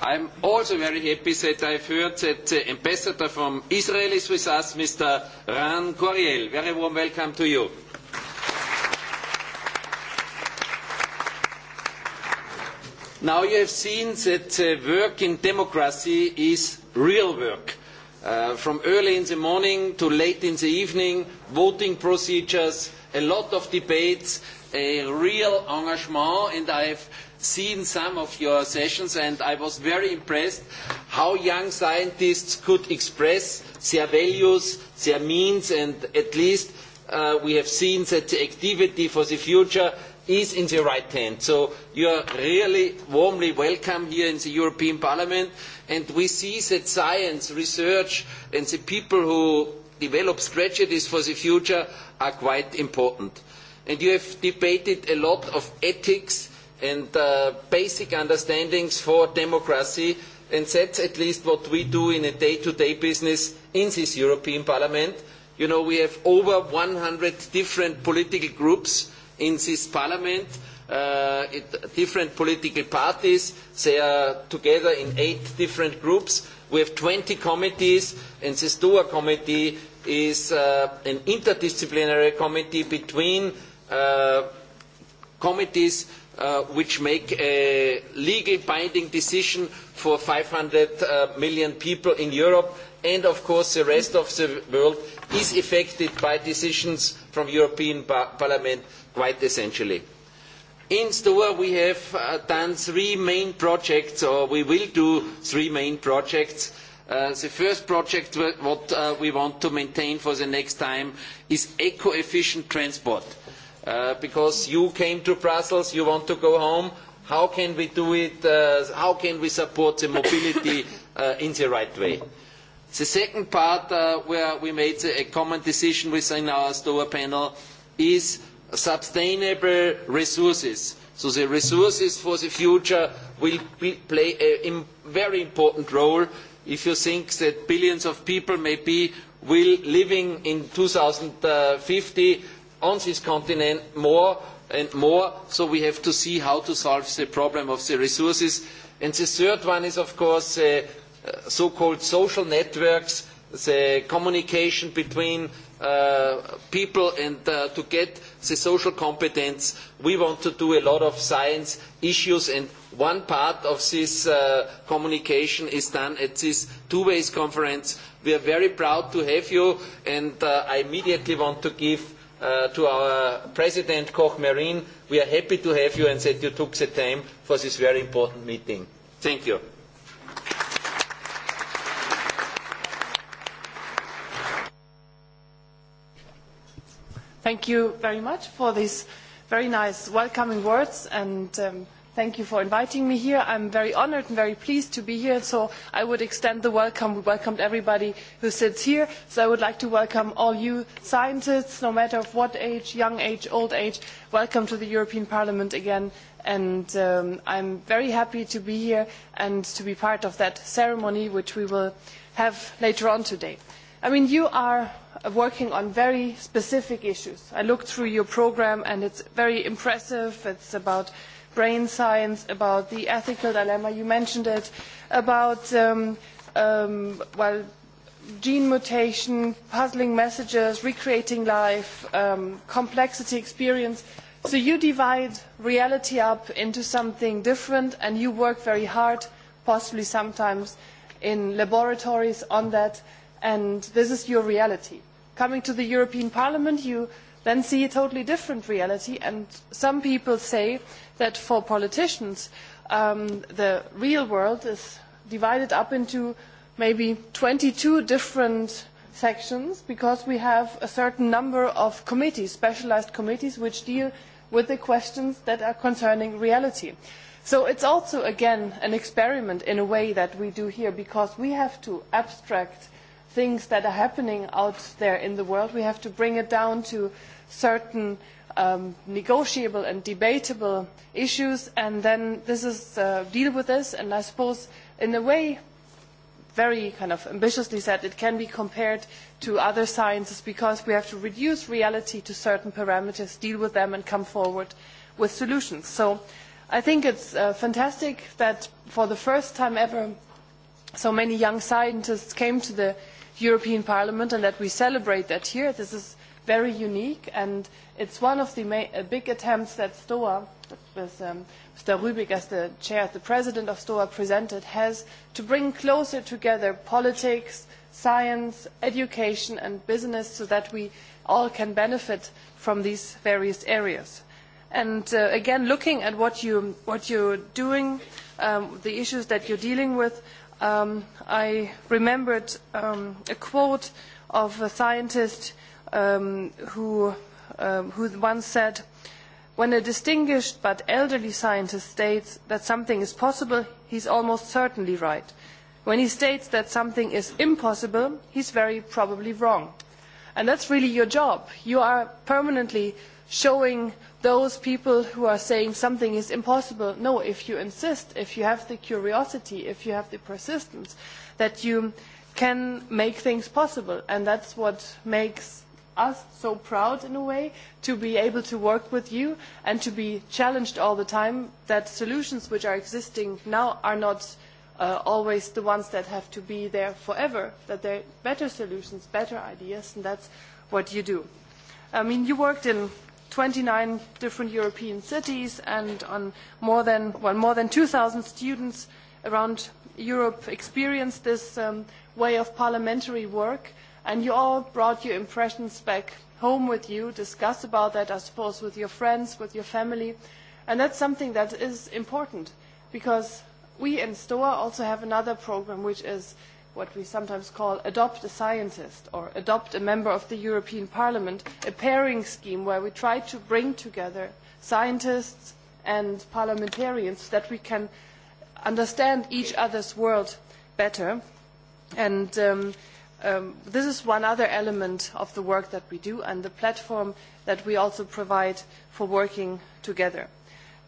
I'm also very happy that I've heard that the ambassador from Israel is with us, Mr. Ran Coriel. Very warm welcome to you. Now you have seen that uh, work in democracy is real work. Uh, from early in the morning to late in the evening, voting procedures, a lot of debates, a real engagement, and I have seen some of your sessions and I was very impressed how young scientists could express their values, their means and at least uh, we have seen that the activity for the future is in the right hand. So you are really warmly welcome here in the European Parliament and we see that science, research and the people who develop strategies for the future are quite important. And you have debated a lot of ethics and uh, basic understandings for democracy, and that's at least what we do in a day-to-day -day business in this European Parliament. You know, we have over 100 different political groups in this Parliament, uh, it, different political parties. They are together in eight different groups. We have 20 committees, and the STOA committee is uh, an interdisciplinary committee between uh, committees uh, which make a legal binding decision for 500 uh, million people in Europe and of course the rest of the world is affected by decisions from European par Parliament quite essentially. In Stoa we have uh, done three main projects or we will do three main projects. Uh, the first project what uh, we want to maintain for the next time is eco-efficient transport. Uh, uh, because you came to Brussels, you want to go home. How can we do it? Uh, how can we support the mobility uh, in the right way? The second part uh, where we made a common decision within our STOA panel is sustainable resources. So the resources for the future will be, play a very important role if you think that billions of people maybe will living in 2050 on this continent more and more, so we have to see how to solve the problem of the resources. And the third one is, of course, the uh, so-called social networks, the communication between uh, people and uh, to get the social competence. We want to do a lot of science issues and one part of this uh, communication is done at this two-ways conference. We are very proud to have you and uh, I immediately want to give uh, to our President Koch-Marin. We are happy to have you and that you took the time for this very important meeting. Thank you. Thank you very much for these very nice welcoming words and um, Thank you for inviting me here. I'm very honored and very pleased to be here. So I would extend the welcome. We welcomed everybody who sits here. So I would like to welcome all you scientists, no matter of what age, young age, old age. Welcome to the European Parliament again. And um, I'm very happy to be here and to be part of that ceremony, which we will have later on today. I mean, you are working on very specific issues. I looked through your program, and it's very impressive. It's about brain science, about the ethical dilemma, you mentioned it, about, um, um, well, gene mutation, puzzling messages, recreating life, um, complexity experience. So you divide reality up into something different and you work very hard, possibly sometimes in laboratories on that, and this is your reality. Coming to the European Parliament, you then see a totally different reality. And some people say that for politicians, um, the real world is divided up into maybe 22 different sections because we have a certain number of committees, specialized committees, which deal with the questions that are concerning reality. So it's also, again, an experiment in a way that we do here because we have to abstract things that are happening out there in the world. We have to bring it down to certain um, negotiable and debatable issues, and then this is uh, deal with this. And I suppose, in a way, very kind of ambitiously said, it can be compared to other sciences because we have to reduce reality to certain parameters, deal with them, and come forward with solutions. So I think it's uh, fantastic that for the first time ever so many young scientists came to the European Parliament and that we celebrate that here. This is very unique and it's one of the ma- uh, big attempts that STOA, with um, Mr. Rübig as the chair, the president of STOA presented, has to bring closer together politics, science, education and business so that we all can benefit from these various areas. And uh, again, looking at what, you, what you're doing, um, the issues that you're dealing with, um, I remembered um, a quote of a scientist um, who, um, who once said, when a distinguished but elderly scientist states that something is possible, he's almost certainly right. When he states that something is impossible, he's very probably wrong. And that's really your job. You are permanently uh, showing those people who are saying something is impossible no if you insist if you have the curiosity if you have the persistence that you can make things possible and that's what makes us so proud in a way to be able to work with you and to be challenged all the time that solutions which are existing now are not uh, always the ones that have to be there forever, that there are better solutions, better ideas, and that's what you do. I mean, you worked in 29 different European cities and on more than, well, more than 2,000 students around Europe experienced this um, way of parliamentary work. And you all brought your impressions back home with you, discuss about that, I suppose, with your friends, with your family. And that's something that is important because we in STOA also have another program which is what we sometimes call adopt a scientist or adopt a member of the European Parliament, a pairing scheme where we try to bring together scientists and parliamentarians so that we can understand each other's world better. And um, um, this is one other element of the work that we do and the platform that we also provide for working together.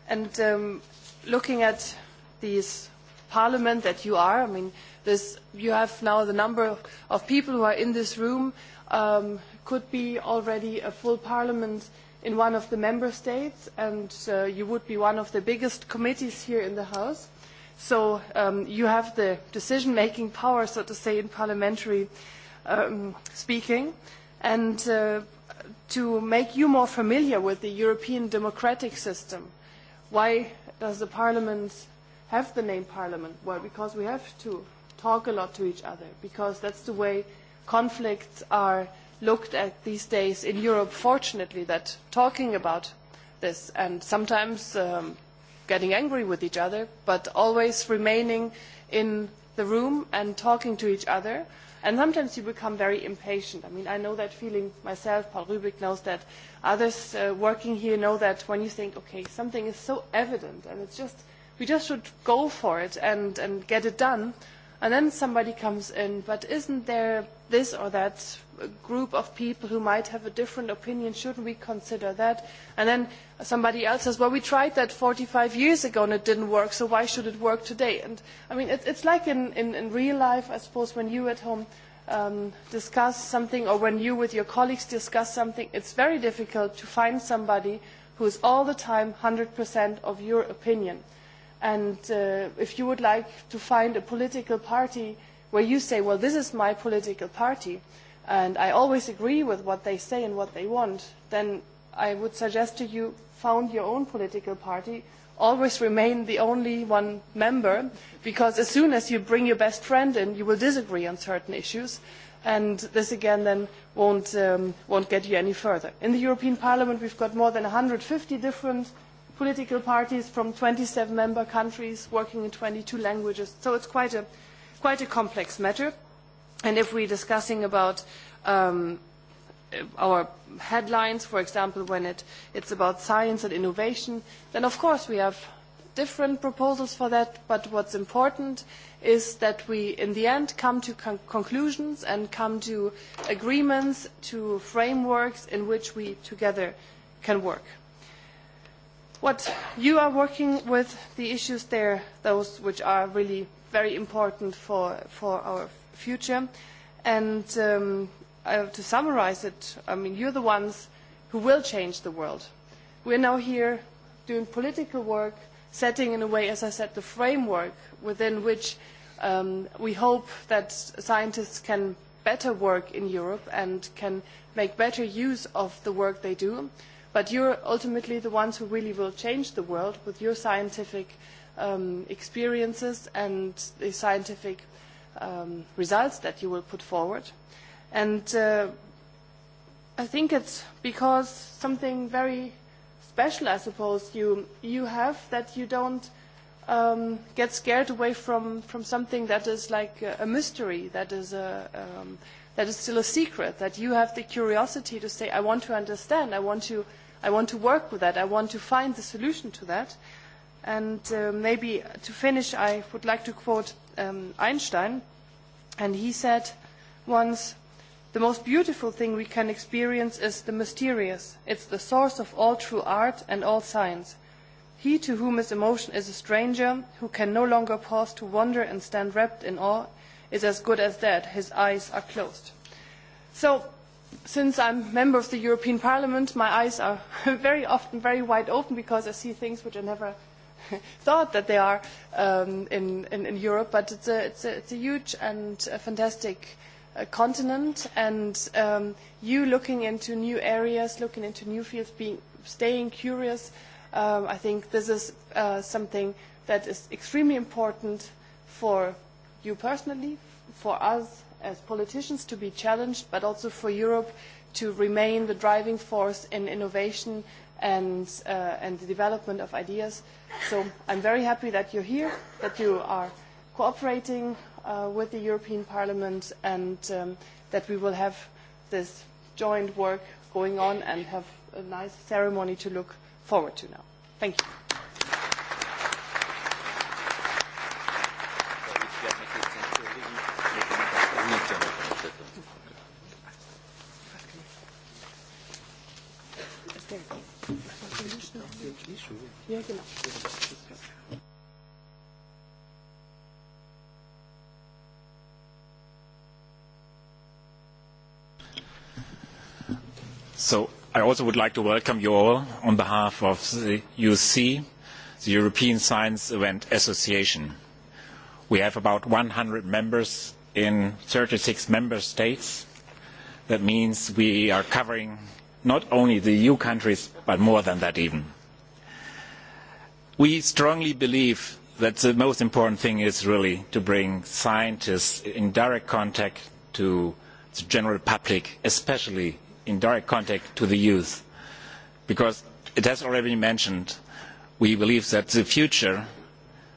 And um, looking at this parliament that you are, I mean, This, you have now the number of people who are in this room um, could be already a full parliament in one of the member states, and uh, you would be one of the biggest committees here in the House. So um, you have the decision-making power, so to say, in parliamentary um, speaking. And uh, to make you more familiar with the European democratic system, why does the parliament have the name parliament? Well, because we have to talk a lot to each other because that's the way conflicts are looked at these days in Europe, fortunately, that talking about this and sometimes um, getting angry with each other, but always remaining in the room and talking to each other. And sometimes you become very impatient. I mean, I know that feeling myself. Paul Rubik knows that. Others uh, working here know that when you think, okay, something is so evident and it's just, we just should go for it and, and get it done and then somebody comes in, but isn't there this or that group of people who might have a different opinion, shouldn't we consider that? And then somebody else says, well, we tried that 45 years ago and it didn't work, so why should it work today? And I mean, it, it's like in, in, in real life, I suppose, when you at home um, discuss something or when you with your colleagues discuss something, it's very difficult to find somebody who is all the time 100% of your opinion. And uh, if you would like to find a political party where you say, well, this is my political party, and I always agree with what they say and what they want, then I would suggest to you found your own political party. Always remain the only one member, because as soon as you bring your best friend in, you will disagree on certain issues, and this again then won't, um, won't get you any further. In the European Parliament, we've got more than 150 different uh, political parties from 27 member countries working in 22 languages. So it's quite a, quite a complex matter. And if we're discussing about um, our headlines, for example, when it, it's about science and innovation, then of course we have different proposals for that, but what's important is that we, in the end, come to con conclusions and come to agreements, to frameworks in which we together can work what you are working with, the issues there, those which are really very important for, for our future. And um, uh, to summarize it, I mean, you're the ones who will change the world. We're now here doing political work, setting in a way, as I said, the framework within which um, we hope that scientists can better work in Europe and can make better use of the work they do. But you're ultimately the ones who really will change the world with your scientific um, experiences and the scientific um, results that you will put forward. And uh, I think it's because something very special, I suppose, you, you have that you don't um, get scared away from, from something that is like a, a mystery, that is a, um, that is still a secret, that you have the curiosity to say, I want to understand, I want to, I want to work with that, I want to find the solution to that. And uh, maybe to finish, I would like to quote um, Einstein, and he said once, the most beautiful thing we can experience is the mysterious. It's the source of all true art and all science. He to whom his emotion is a stranger, who can no longer pause to wonder and stand wrapped in awe, is as good as dead. His eyes are closed. So, since I'm a member of the European Parliament, my eyes are very often very wide open because I see things which I never thought that they are um, in, in, in Europe. But it's a, it's a, it's a huge and a fantastic uh, continent, and um, you looking into new areas, looking into new fields, being staying curious. Um, I think this is uh, something that is extremely important for you personally, for us as politicians to be challenged, but also for Europe to remain the driving force in innovation and, uh, and the development of ideas. So I'm very happy that you're here, that you are cooperating uh, with the European Parliament, and um, that we will have this joint work going on and have a nice ceremony to look forward to now. Thank you. I also would like to welcome you all on behalf of the UC, the European Science Event Association. We have about 100 members in 36 member states. That means we are covering not only the EU countries, but more than that even. We strongly believe that the most important thing is really to bring scientists in direct contact to the general public, especially in direct contact to the youth. Because it has already been mentioned, we believe that the future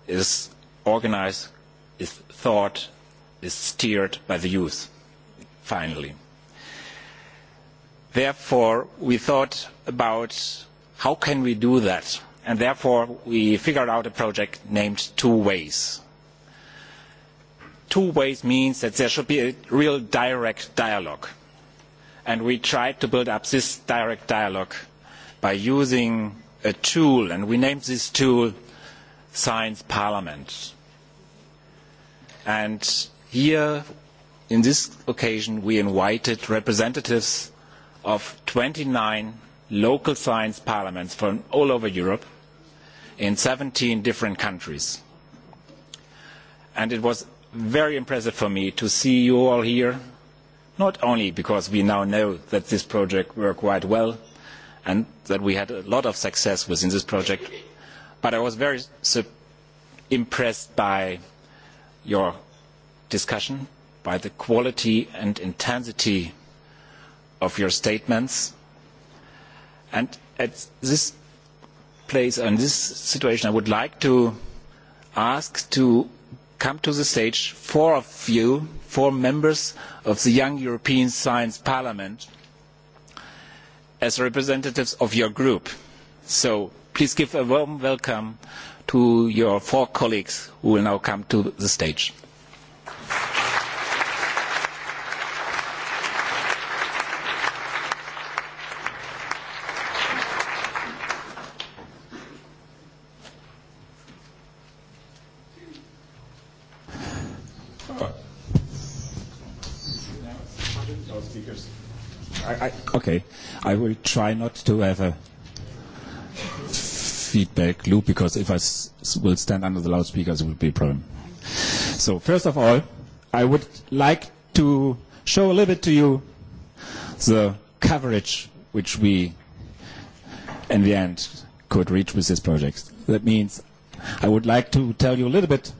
is organized, is thought, is steered by the youth, finally. Therefore, we thought about how can we do that? And therefore, we figured out a project named Two Ways. Two Ways means that there should be a real direct dialogue and we tried to build up this direct dialogue by using a tool, and we named this tool Science Parliament. And here, in this occasion, we invited representatives of 29 local science parliaments from all over Europe in 17 different countries. And it was very impressive for me to see you all here not only because we now know that this project worked quite well and that we had a lot of success within this project, but I was very impressed by your discussion, by the quality and intensity of your statements. And at this place, in this situation, I would like to ask to come to the stage four of you four members of the Young European Science Parliament as representatives of your group. So please give a warm welcome to your four colleagues who will now come to the stage. will try not to have a feedback loop because if I s- will stand under the loudspeakers, it will be a problem. So first of all, I would like to show a little bit to you the coverage which we, in the end, could reach with this project. That means I would like to tell you a little bit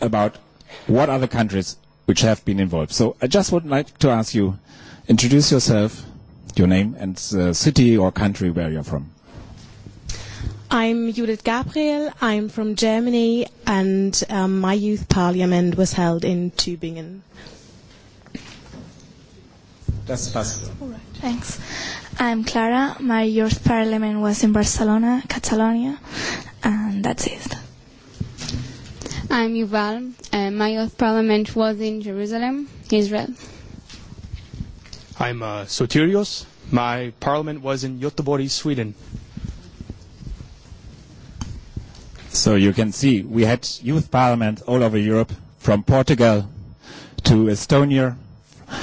about what other countries which have been involved. So I just would like to ask you, introduce yourself just your name and uh, city or country where you're from. I'm Judith Gabriel. I'm from Germany, and um, my youth parliament was held in Tübingen. That's fast. All right. Thanks. I'm Clara. My youth parliament was in Barcelona, Catalonia, and that's it. I'm Yuval. Uh, my youth parliament was in Jerusalem, Israel. I'm uh, Sotirios. My parliament was in Göteborg, Sweden. So you can see we had youth parliament all over Europe, from Portugal to Estonia,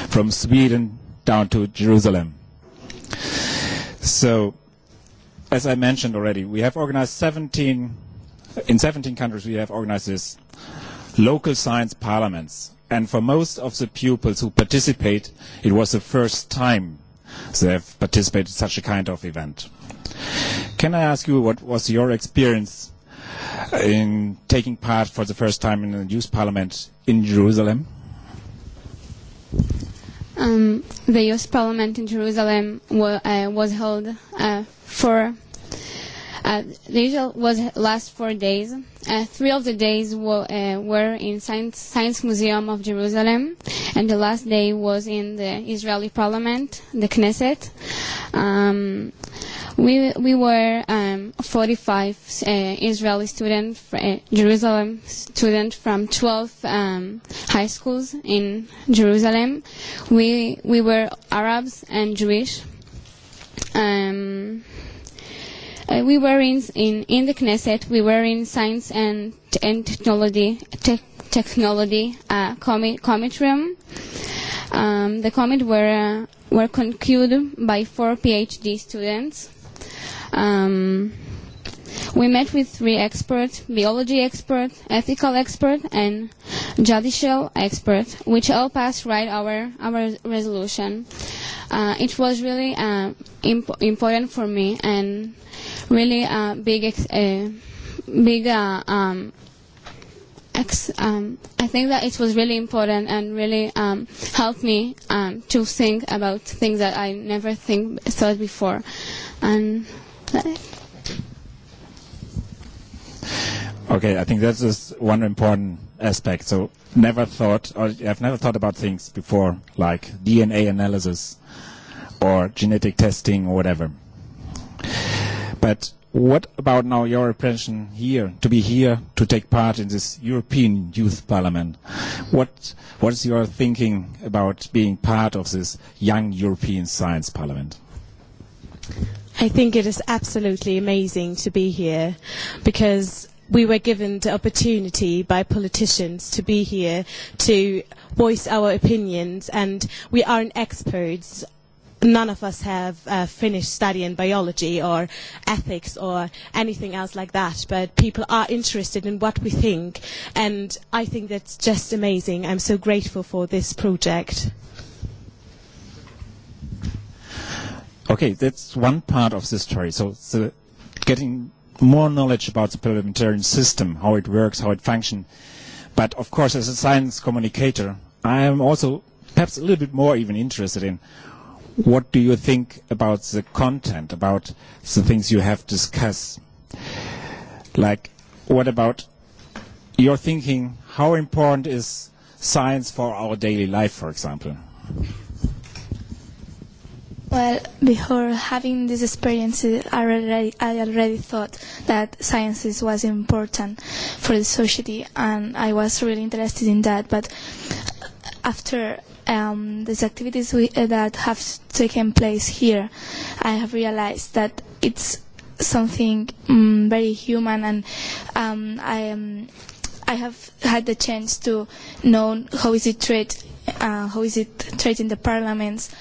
from Sweden down to Jerusalem. So, as I mentioned already, we have organized 17, in 17 countries we have organized this local science parliaments and for most of the pupils who participate, it was the first time they have participated in such a kind of event. Can I ask you what was your experience in taking part for the first time in the youth parliament in Jerusalem? Um, the youth parliament in Jerusalem wa- uh, was held uh, for Uh, the usual was last four days. Uh, three of the days wo- uh, were in Science, Science Museum of Jerusalem, and the last day was in the Israeli Parliament, the Knesset. Um, we we were um, 45 uh, Israeli students, uh, Jerusalem students from 12 um, high schools in Jerusalem. We we were Arabs and Jewish. Um, Uh, we were in, in, in the Knesset, we were in science and, and technology, te- technology uh, comet, comet room. Um, the comet were, uh, were concluded by four PhD students. Um, we met with three experts, biology expert, ethical expert, and judicial expert, which helped us write our, our resolution. Uh, it was really uh, imp- important for me and really a uh, big, ex- uh, big, uh, um, ex- um, I think that it was really important and really um, helped me um, to think about things that I never think thought before, and. That, Okay, I think that's just one important aspect. So never thought, or I've never thought about things before, like DNA analysis or genetic testing or whatever. But what about now your impression here, to be here, to take part in this European Youth Parliament? What, what is your thinking about being part of this young European Science Parliament? I think it is absolutely amazing to be here because we were given the opportunity by politicians to be here to voice our opinions and we aren't experts none of us have uh, finished studying biology or ethics or anything else like that, but people are interested in what we think, and I think that's just amazing. I'm so grateful for this project. Okay, that's one part of the story. So, so getting more knowledge about the parliamentarian system, how it works, how it functions. But of course, as a science communicator, I am also perhaps a little bit more even interested in what do you think about the content, about the things you have discussed? Like, what about your thinking, how important is science for our daily life, for example? Well, before having this experience, I already, I already thought that sciences was important for the society, and I was really interested in that. But after um, these activities we, uh, that have taken place here, I have realized that it's something um, very human, and um, I um, I have had the chance to know how is it treated, uh, how is it treated in the parliaments,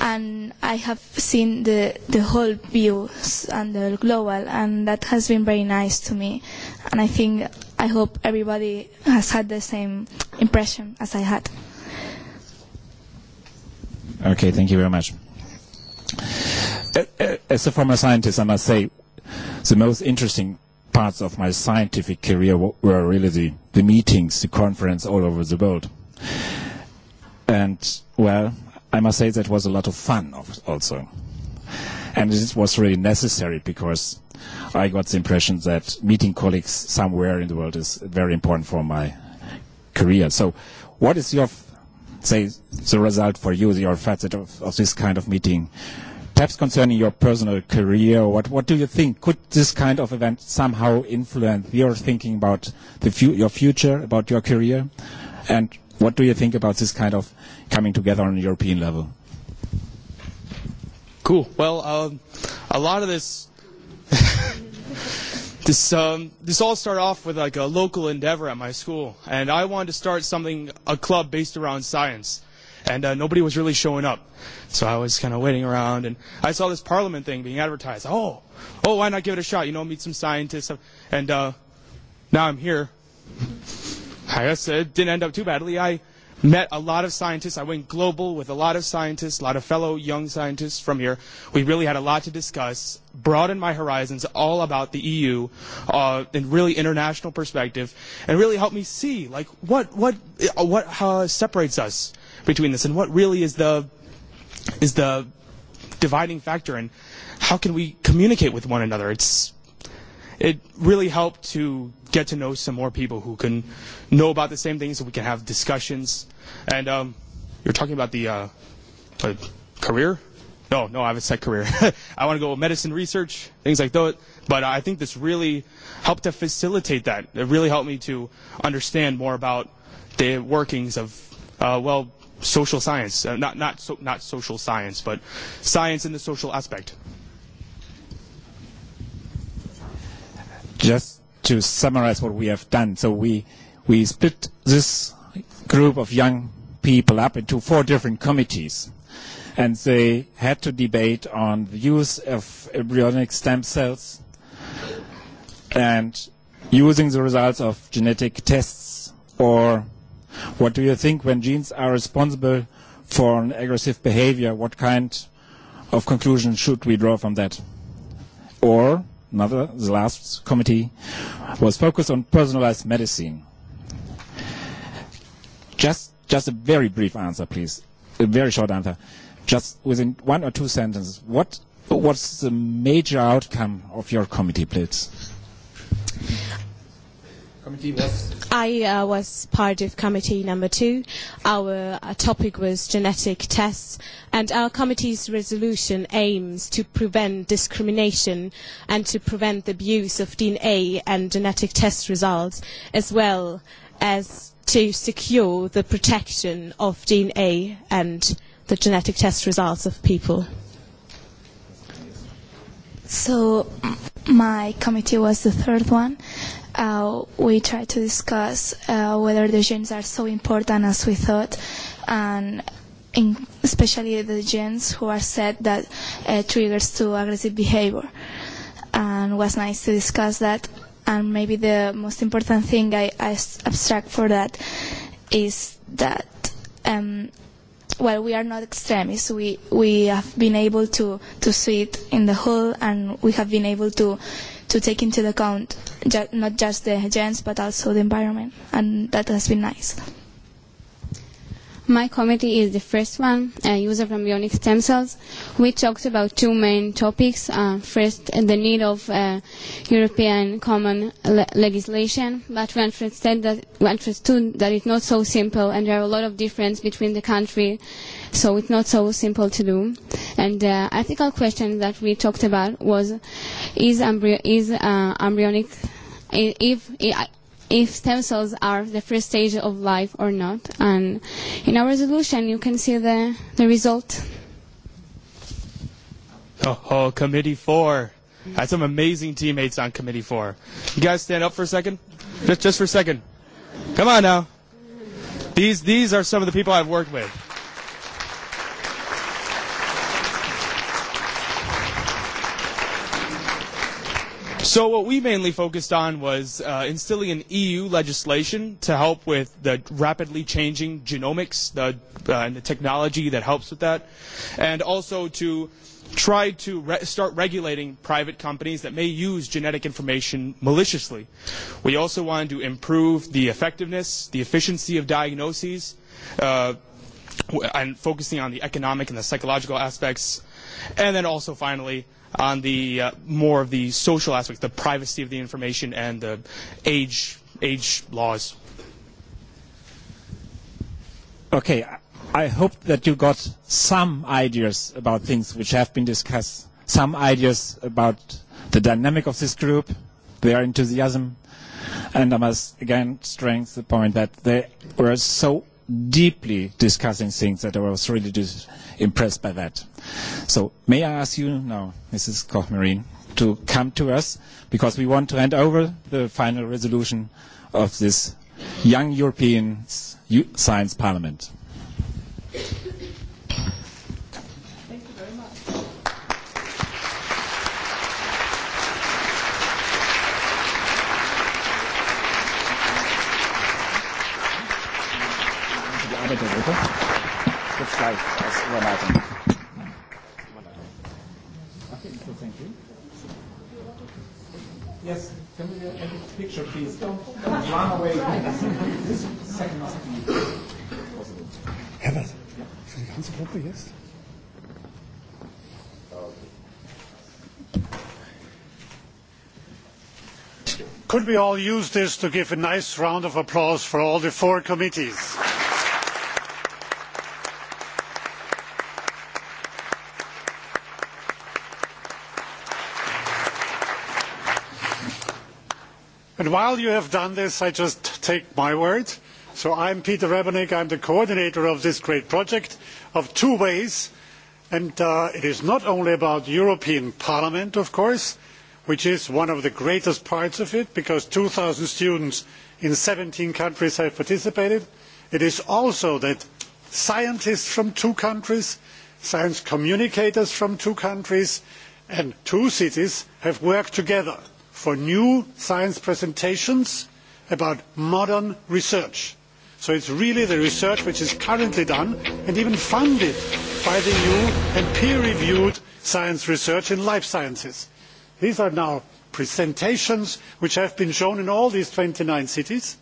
and I have seen the the whole view and the global, and that has been very nice to me, and I think I hope everybody has had the same impression as I had. Okay, thank you very much. As a former scientist, I must say the most interesting parts of my scientific career were really the, the meetings, the conference all over the world. And, well, I must say that was a lot of fun also. And this was really necessary because I got the impression that meeting colleagues somewhere in the world is very important for my career. So what is your say the result for you, your facet of, of this kind of meeting. Perhaps concerning your personal career, what, what do you think? Could this kind of event somehow influence your thinking about the fu- your future, about your career? And what do you think about this kind of coming together on a European level? Cool. Well, um, a lot of this. This um, this all started off with like a local endeavor at my school, and I wanted to start something a club based around science, and uh, nobody was really showing up, so I was kind of waiting around, and I saw this Parliament thing being advertised. Oh, oh, why not give it a shot? You know, meet some scientists, uh, and uh, now I'm here. I guess it didn't end up too badly. I met a lot of scientists. I went global with a lot of scientists, a lot of fellow young scientists from here. We really had a lot to discuss, broadened my horizons all about the EU uh, in really international perspective, and really helped me see like what what uh, what uh, separates us between this and what really is the is the dividing factor and how can we communicate with one another. It's it really helped to get to know some more people who can know about the same things. So we can have discussions. And um, you're talking about the uh, uh, career. No, no, I haven't said career. I want to go with medicine research, things like that. But I think this really helped to facilitate that. It really helped me to understand more about the workings of, uh, well, social science. Uh, not not so, not social science, but science in the social aspect. Just to summarize what we have done. So we, we split this group of young people up into four different committees. And they had to debate on the use of embryonic stem cells and using the results of genetic tests or what do you think when genes are responsible for an aggressive behavior, what kind of conclusion should we draw from that? Or another, the last committee, was focused on personalized medicine. Just, just a very brief answer, please. A very short answer. Just within one or two sentences, what, what's the major outcome of your committee, please? committee was? I uh, was part of committee number two. Our uh, topic was genetic tests, and our committee's resolution aims to prevent discrimination and to prevent the abuse of DNA and genetic test results, as well as to secure the protection of DNA and the genetic test results of people. So my committee was the third one uh, we tried to discuss uh, whether the genes are so important as we thought, and in, especially the genes who are said that uh, triggers to aggressive behavior. And it was nice to discuss that. And maybe the most important thing I, I abstract for that is that um, well, we are not extremists. We we have been able to to see it in the whole, and we have been able to to take into account ju- not just the gens but also the environment, and that has been nice. My committee is the first one, a user from bionic stem cells. We talked about two main topics. Uh, first, the need of uh, European common le- legislation, but we understood, that, we understood that it's not so simple and there are a lot of differences between the country uh, So it's not so simple to do. And the uh, ethical question that we talked about was, is, embry- is uh, embryonic, if, if stem cells are the first stage of life or not. And in our resolution, you can see the, the result. Oh, oh, committee four. I had some amazing teammates on committee four. You guys stand up for a second? Just, just for a second. Come on now. These, these are some of the people I've worked with. So what we mainly focused on was uh, instilling an EU legislation to help with the rapidly changing genomics the, uh, and the technology that helps with that, and also to try to re- start regulating private companies that may use genetic information maliciously. We also wanted to improve the effectiveness, the efficiency of diagnoses, uh, and focusing on the economic and the psychological aspects, and then also finally on the uh, more of the social aspects, the privacy of the information and the age age laws. Okay, I hope that you got some ideas about things which have been discussed, some ideas about the dynamic of this group, their enthusiasm, and I must again strengthen the point that they were so deeply discussing things that I was really dis- impressed by that. So may I ask you now, Mrs. Koch-Marine, to come to us because we want to hand over the final resolution of this young European science parliament. one item. Okay, so thank you. Yes, can we have a picture, please? Don't, don't run away. this second must be possible. Herbert, ja. für die ganze Gruppe jetzt? Could we all use this to give a nice round of applause for all the four committees? While you have done this, I just take my word. So I'm Peter Rebenik, I'm the coordinator of this great project of two ways. And uh, it is not only about European Parliament, of course, which is one of the greatest parts of it, because 2,000 students in 17 countries have participated. It is also that scientists from two countries, science communicators from two countries, and two cities have worked together for new science presentations about modern research. So it's really the research which is currently done and even funded by the EU and peer-reviewed science research in life sciences. These are now presentations which have been shown in all these 29 cities,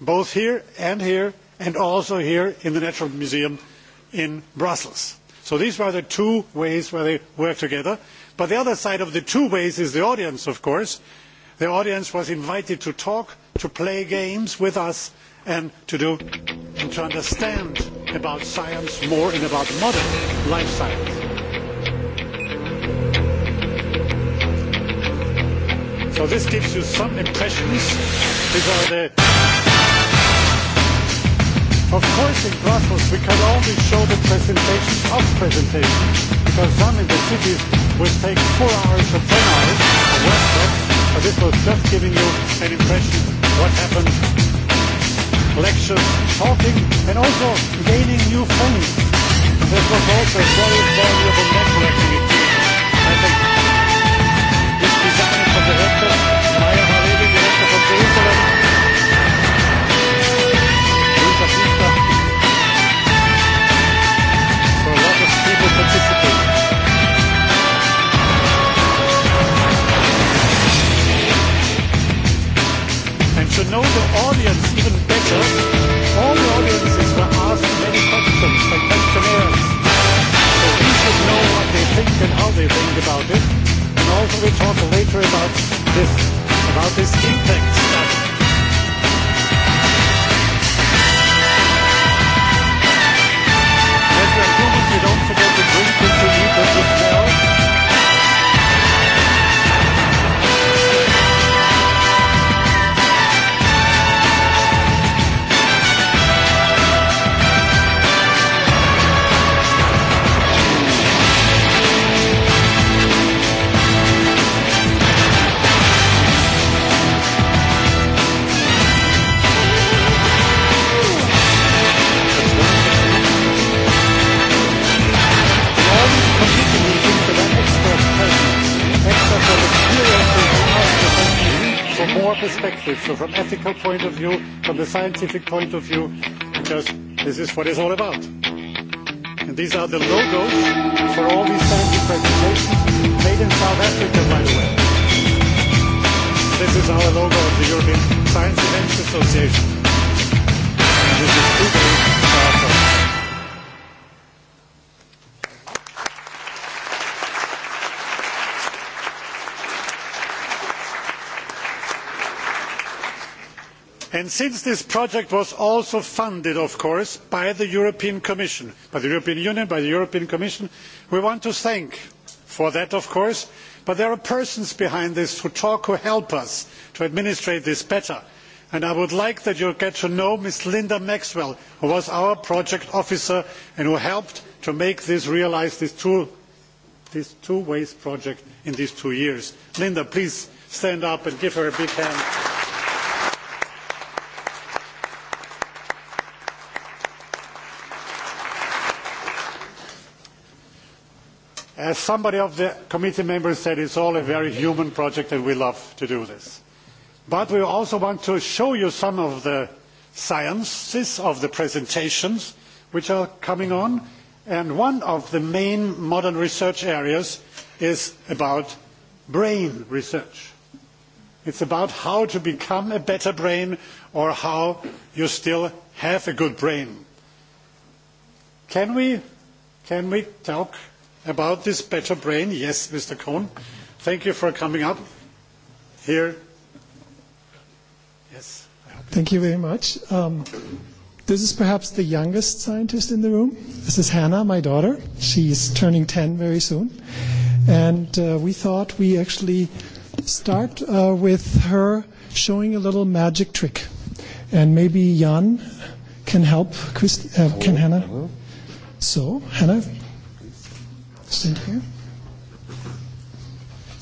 both here and here, and also here in the Natural Museum in Brussels. So these were the two ways where they work together but the other side of the two ways is the audience of course. the audience was invited to talk to play games with us and to, do, and to understand about science more and about modern life science. So this gives you some impressions. These are the of course in Brussels we can only show the presentations of presentations because some in the cities which takes four hours to ten hours of workshop, but this was just giving you an impression what happened. Lectures, talking, and also gaining new friends. This was also a very valuable networking activity. I think this design from the rector, Maya Halevi, director from Jerusalem, Luisa Pista, for a lot of people participating. to know the audience even better, all the audiences were asked many questions, like questionnaires. So we should know what they think and how they think about it. And also we talk later about this, about this impact. perspective. So from ethical point of view, from the scientific point of view, because this is what it's all about. And these are the logos for all these scientific presentations made in South Africa, by the way. This is our logo of the European Science Events Association. And this is two days and since this project was also funded of course by the european commission by the european union by the european commission we want to thank for that of course but there are persons behind this who talk who help us to administrate this better and i would like that you get to know ms linda maxwell who was our project officer and who helped to make this realise this two this two ways project in these two years. linda please stand up and give her a big hand. As somebody of the committee members said, it's all a very human project and we love to do this. But we also want to show you some of the sciences of the presentations which are coming on. And one of the main modern research areas is about brain research. It's about how to become a better brain or how you still have a good brain. Can we, can we talk About this better brain, yes, Mr. Cohn. Thank you for coming up here. Yes. Thank you very much. Um, this is perhaps the youngest scientist in the room. This is Hannah, my daughter. She's turning 10 very soon. And uh, we thought we actually start uh, with her showing a little magic trick. And maybe Jan can help Christi- uh, can Hannah. So, Hannah, See here.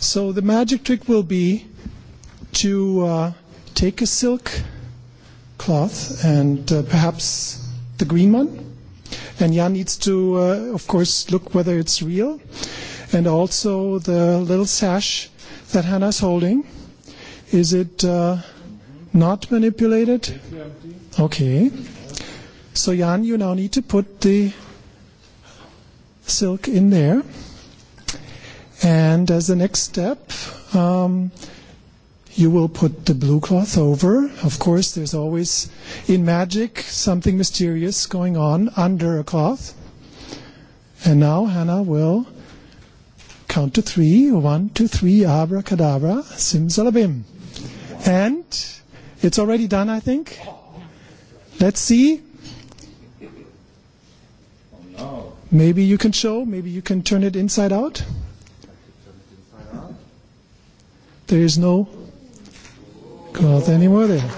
So the magic trick will be to uh, take a silk cloth and uh, perhaps the green one. And Jan needs to, uh, of course, look whether it's real. And also the little sash that Hannah's holding. Is it uh, not manipulated? Okay. So Jan, you now need to put the silk in there. And as the next step, um, you will put the blue cloth over. Of course, there's always in magic something mysterious going on under a cloth. And now Hannah will count to three. One, two, three, abracadabra, simsalabim. And it's already done, I think. Let's see. Oh, no. Maybe you can show, maybe you can turn it inside out. There is no cloth anymore there.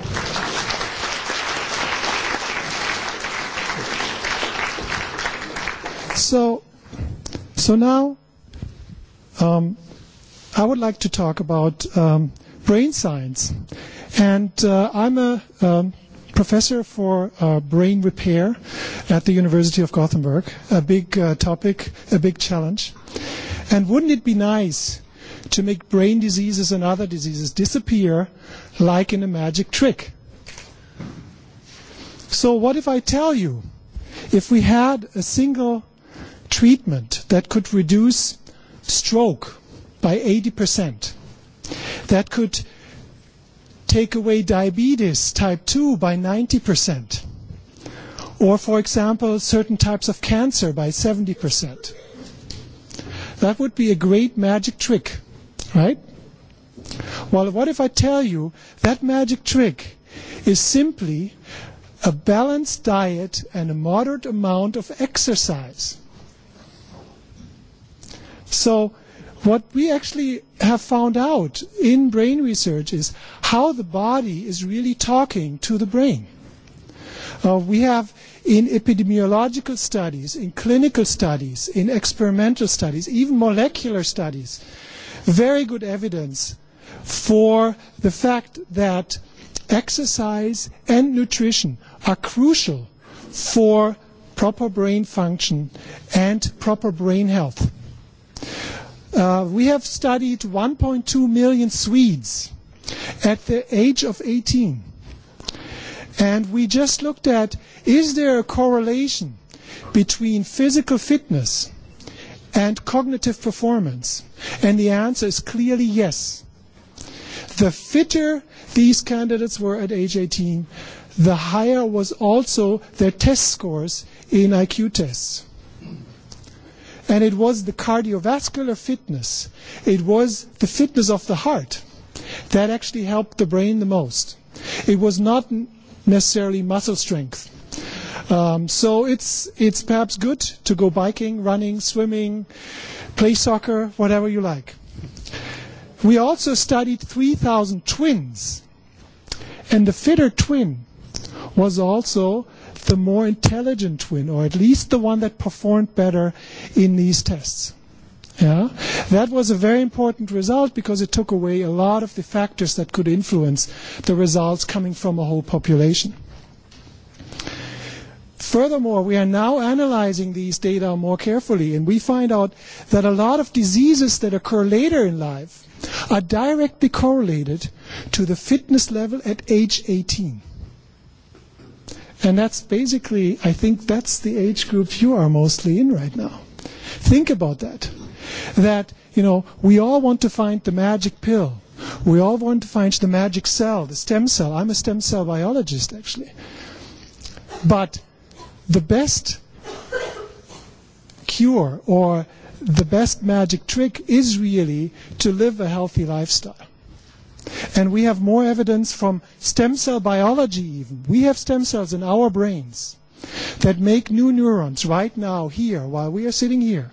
So, so now um, I would like to talk about um, brain science. And uh, I'm a um, professor for uh, brain repair at the University of Gothenburg, a big uh, topic, a big challenge. And wouldn't it be nice to make brain diseases and other diseases disappear like in a magic trick? So, what if I tell you if we had a single treatment that could reduce stroke by 80%, that could take away diabetes type 2 by 90%, or, for example, certain types of cancer by 70%. That would be a great magic trick, right? Well, what if I tell you that magic trick is simply a balanced diet and a moderate amount of exercise? So, what we actually have found out in brain research is how the body is really talking to the brain. Uh, we have in epidemiological studies, in clinical studies, in experimental studies, even molecular studies, very good evidence for the fact that exercise and nutrition are crucial for proper brain function and proper brain health. Uh, we have studied 1.2 million Swedes at the age of 18. And we just looked at is there a correlation between physical fitness and cognitive performance? And the answer is clearly yes. The fitter these candidates were at age 18, the higher was also their test scores in IQ tests. And it was the cardiovascular fitness, it was the fitness of the heart that actually helped the brain the most. It was not necessarily muscle strength. Um, so it's it's perhaps good to go biking, running, swimming, play soccer, whatever you like. We also studied 3,000 twins, and the fitter twin was also the more intelligent twin, or at least the one that performed better in these tests. Yeah? That was a very important result because it took away a lot of the factors that could influence the results coming from a whole population. Furthermore, we are now analyzing these data more carefully, and we find out that a lot of diseases that occur later in life are directly correlated to the fitness level at age 18. And that's basically, I think that's the age group you are mostly in right now. Think about that that, you know, we all want to find the magic pill. We all want to find the magic cell, the stem cell. I'm a stem cell biologist, actually. But the best cure or the best magic trick is really to live a healthy lifestyle. And we have more evidence from stem cell biology, even. We have stem cells in our brains that make new neurons right now, here, while we are sitting here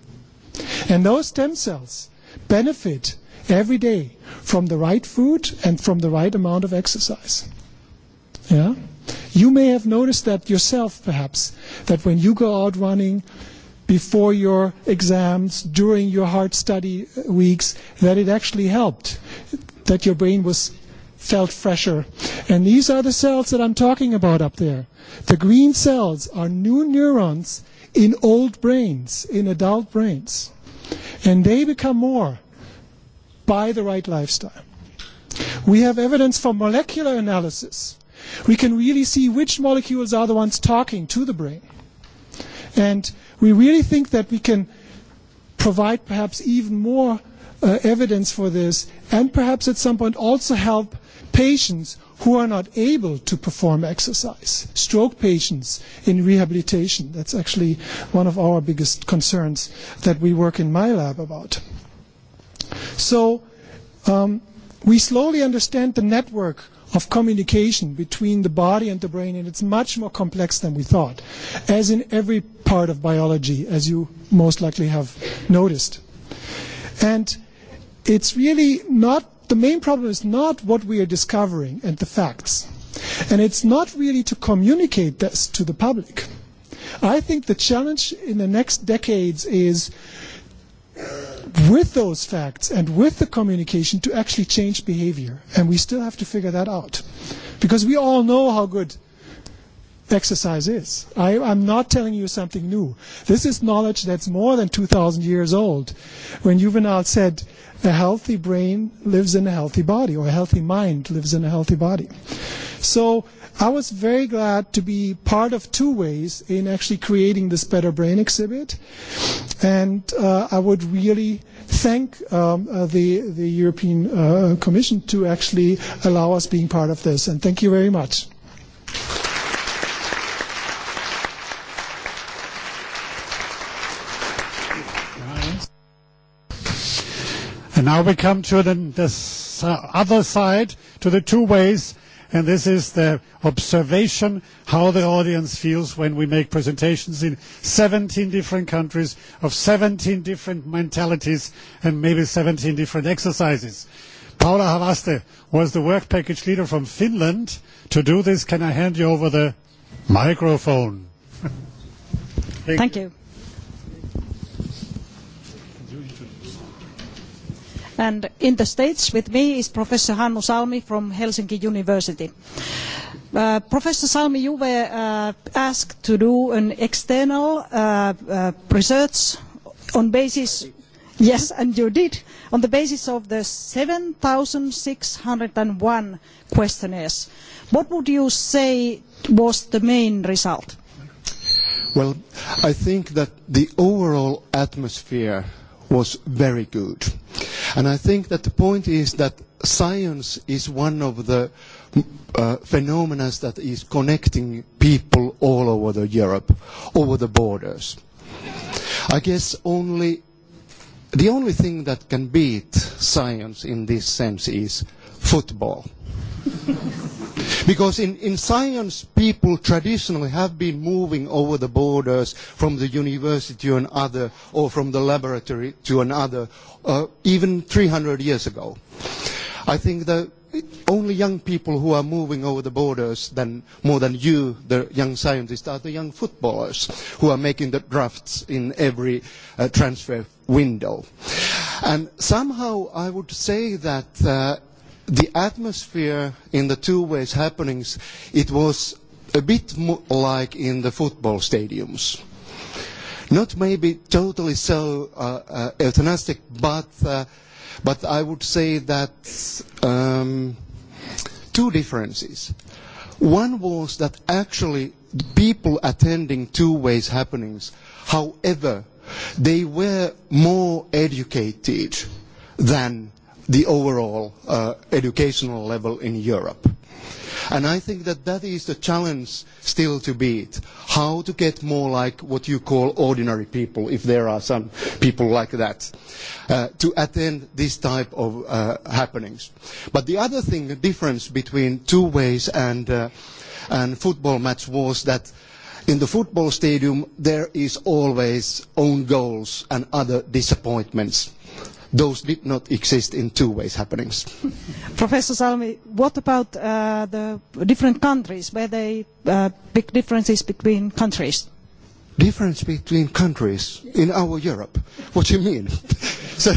And those stem cells benefit every day from the right food and from the right amount of exercise. Yeah? You may have noticed that yourself, perhaps, that when you go out running before your exams, during your hard study uh, weeks, that it actually helped, that your brain was felt fresher. And these are the cells that I'm talking about up there. The green cells are new neurons in old brains, in adult brains. And they become more by the right lifestyle. We have evidence from molecular analysis. We can really see which molecules are the ones talking to the brain. And we really think that we can provide perhaps even more uh, evidence for this and perhaps at some point also help patients who are not able to perform exercise. Stroke patients in rehabilitation, that's actually one of our biggest concerns that we work in my lab about. So um, we slowly understand the network of communication between the body and the brain, and it's much more complex than we thought, as in every part of biology, as you most likely have noticed. And it's really not the main problem is not what we are discovering and the facts. And it's not really to communicate this to the public. I think the challenge in the next decades is with those facts and with the communication to actually change behavior. And we still have to figure that out. Because we all know how good exercise is. I, I'm not telling you something new. This is knowledge that's more than 2,000 years old. When Juvenal said, a healthy brain lives in a healthy body, or a healthy mind lives in a healthy body. So I was very glad to be part of two ways in actually creating this Better Brain exhibit. And uh, I would really thank um, uh, the, the European uh, Commission to actually allow us being part of this. And thank you very much. Now we come to the, the other side, to the two ways, and this is the observation, how the audience feels when we make presentations in 17 different countries of 17 different mentalities and maybe 17 different exercises. Paula Havaste was the work package leader from Finland. To do this, can I hand you over the microphone? Thank, Thank you. you. And in the States with me is Professor Hannu Salmi from Helsinki University. Uh, Professor Salmi, you were uh, asked to do an external uh, uh, research on basis Yes, and you did, on the basis of the 7,601 questionnaires. What would you say was the main result? Well, I think that the overall atmosphere was very good. Uh, And I think that the point is that science is one of the mm, uh, phenomena that is connecting people all over the Europe, over the borders. I guess only the only thing that can beat science in this sense is football because in, in science, people traditionally have been moving over the borders from the university to another or from the laboratory to another, uh, even 300 years ago. I think that only young people who are moving over the borders than, more than you, the young scientists, are the young footballers who are making the drafts in every uh, transfer window. And somehow I would say that uh, the atmosphere in the two ways happenings, it was a bit mo- like in the football stadiums. Not maybe totally so uh, uh, euthanastic, but, uh, but I would say that um, two differences. One was that actually people attending two ways happenings, however, they were more educated than the overall uh, educational level in Europe. And I think that that is the challenge still to beat. How to get more like what you call ordinary people, if there are some people like that, uh, to attend this type of uh, happenings. But the other thing, the difference between two ways and, uh, and football match was that in the football stadium there is always own goals and other disappointments those did not exist in two ways happenings. Professor Salmi, what about uh, the different countries? Were there uh, big differences between countries? Difference between countries in our Europe? What do you mean? so,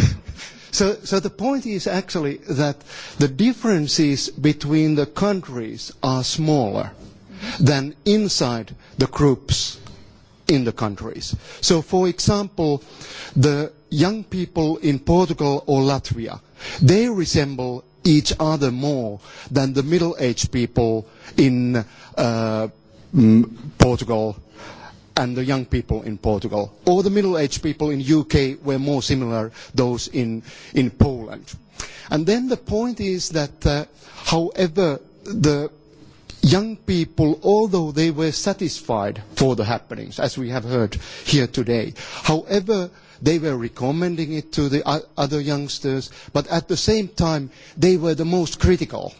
so, so the point is actually that the differences between the countries are smaller than inside the groups in the countries. So, for example, the young people in Portugal or Latvia, they resemble each other more than the middle-aged people in uh, mm, Portugal and the young people in Portugal. Or the middle-aged people in UK were more similar those in, in Poland. And then the point is that uh, however the young people, although they were satisfied for the happenings, as we have heard here today, however, they were recommending it to the other youngsters, but at the same time, they were the most critical.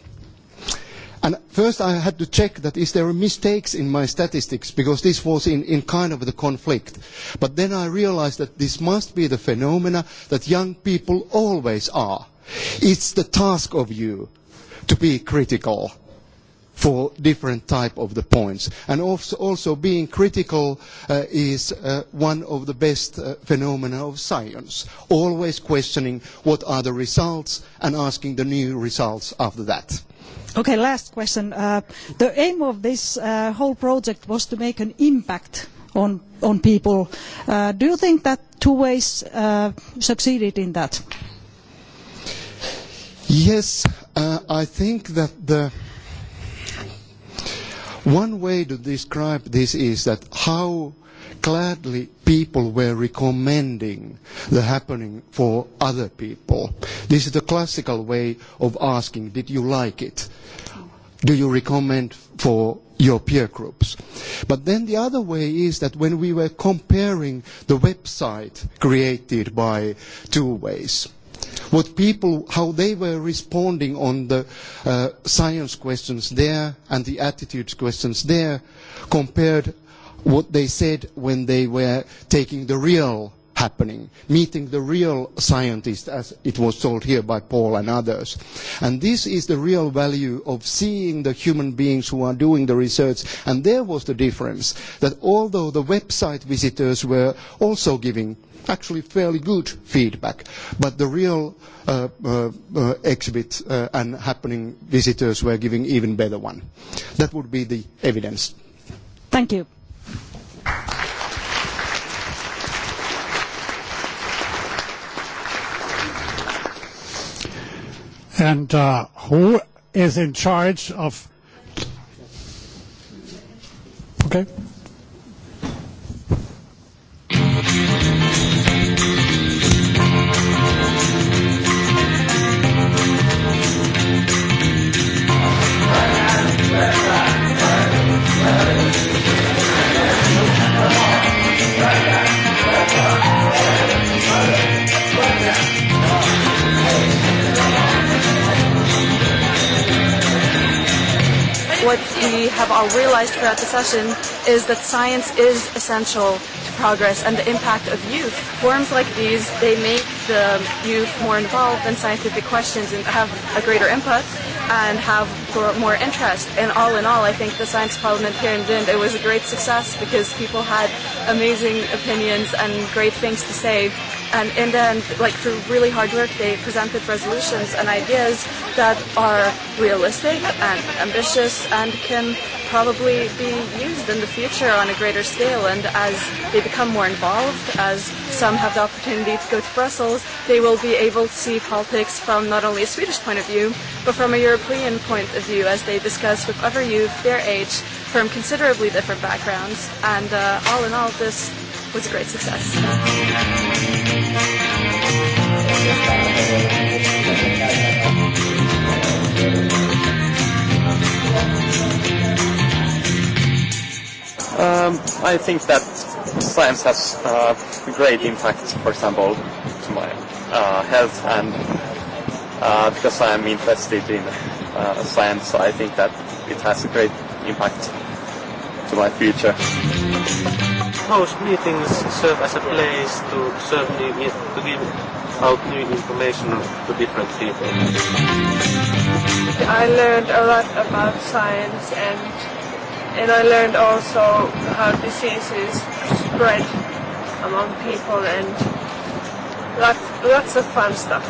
And first I had to check that is there mistakes in my statistics because this was in, in kind of the conflict. But then I realized that this must be the phenomena that young people always are. It's the task of you to be critical for different type of the points. And also, also being critical uh, is uh, one of the best uh, phenomena of science, always questioning what are the results and asking the new results after that. Okay, last question. Uh, the aim of this uh, whole project was to make an impact on, on people. Uh, do you think that two ways uh, succeeded in that? Yes, uh, I think that the uh, One way to describe this is that how gladly people were recommending the happening for other people. This is the classical way of asking, did you like it? Do you recommend for your peer groups? But then the other way is that when we were comparing the website created by two ways, what people, how they were responding on the uh, science questions there and the attitudes questions there compared what they said when they were taking the real happening, meeting the real scientists, as it was told here by Paul and others. And this is the real value of seeing the human beings who are doing the research. And there was the difference, that although the website visitors were also giving actually fairly good feedback, but the real uh, uh, uh, exhibit uh, and happening visitors were giving even better one. That would be the evidence. Thank you. And uh, who is in charge of? Okay. what we have all realized throughout the session is that science is essential to progress and the impact of youth. Forums like these, they make the youth more involved in scientific questions and have a greater input and have more interest. And all in all, I think the Science Parliament here in Vind, it was a great success because people had amazing opinions and great things to say And, and then, like through really hard work, they presented resolutions and ideas that are realistic and ambitious and can probably be used in the future on a greater scale. And as they become more involved, as some have the opportunity to go to Brussels, they will be able to see politics from not only a Swedish point of view, but from a European point of view, as they discuss with other youth their age from considerably different backgrounds. And uh, all in all, this was a great success. Um, I think that science has uh, a uh, great impact, for example, to my uh, health, and uh, because I am interested in uh, science, I think that it has a great impact to my future. Most meetings serve as a place to serve the, to give out new information to different people. I learned a lot about science and and I learned also how diseases spread among people and lots, lots of fun stuff.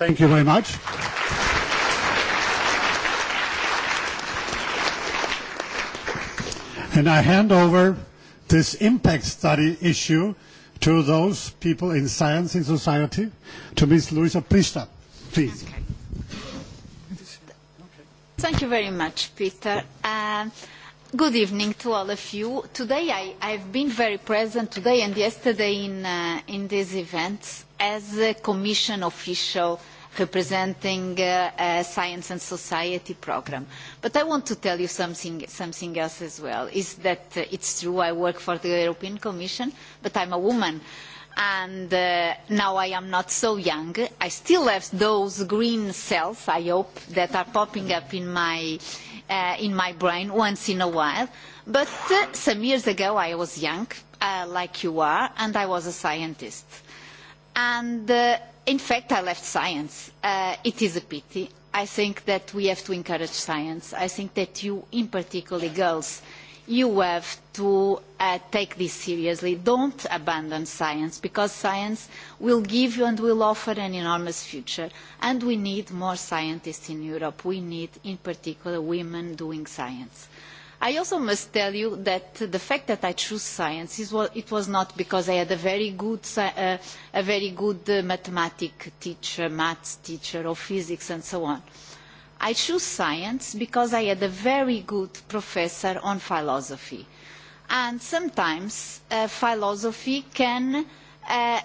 Thank you very much. And I hand over this impact study issue to those people in science in society, to Ms. Luisa Prista, please. Okay. Thank you very much, Peter. Um, good evening to all of you. Today I, I've been very present today and yesterday in, uh, in these events as a commission official uh, representing uh, a science and society program. But I want to tell you something, something else as well, is that uh, it's true I work for the European Commission, but I'm a woman. And uh, now I am not so young. I still have those green cells, I hope, that are popping up in my, uh, in my brain once in a while. But uh, some years ago I was young, uh, like you are, and I was a scientist. And uh, in fact, I left science. Uh, it is a pity. I think that we have to encourage science. I think that you, in particular, girls, you have to uh, take this seriously. Don't abandon science, because science will give you and will offer an enormous future. And we need more scientists in Europe. We need, in particular, women doing science. Uh, I also must tell you that the fact that I chose science, is what, it was not because I had a very good, uh, a very good uh, mathematic teacher, maths teacher, or physics, and so on. I chose science because I had a very good professor on philosophy. And sometimes uh, philosophy can uh,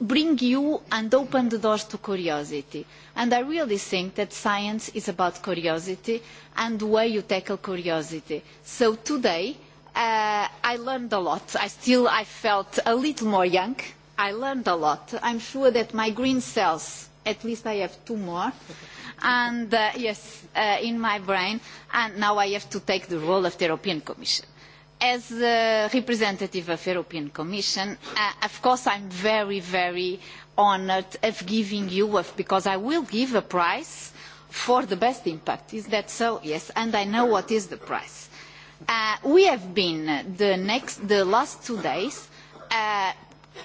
bring you and open the doors to curiosity. And I really think that science is about curiosity and the way you tackle curiosity. So today, uh, I learned a lot. I still, I felt a little more young. I learned a lot. I'm sure that my green cells, at least I have two more, and uh, yes, uh, in my brain, and now I have to take the role of the European Commission as a representative of European Commission, uh, of course I'm very, very honoured of giving you, of, because I will give a prize for the best impact. Is that so? Yes, and I know what is the prize. Uh, we have been the, next, the last two days uh,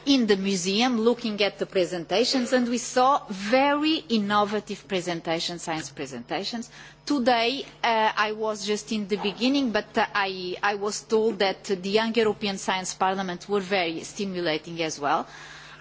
in the museum looking at the presentations and we saw very innovative presentations, science presentations, Today, uh, I was just in the beginning, but uh, I, I was told that the Young European Science Parliament were very stimulating as well.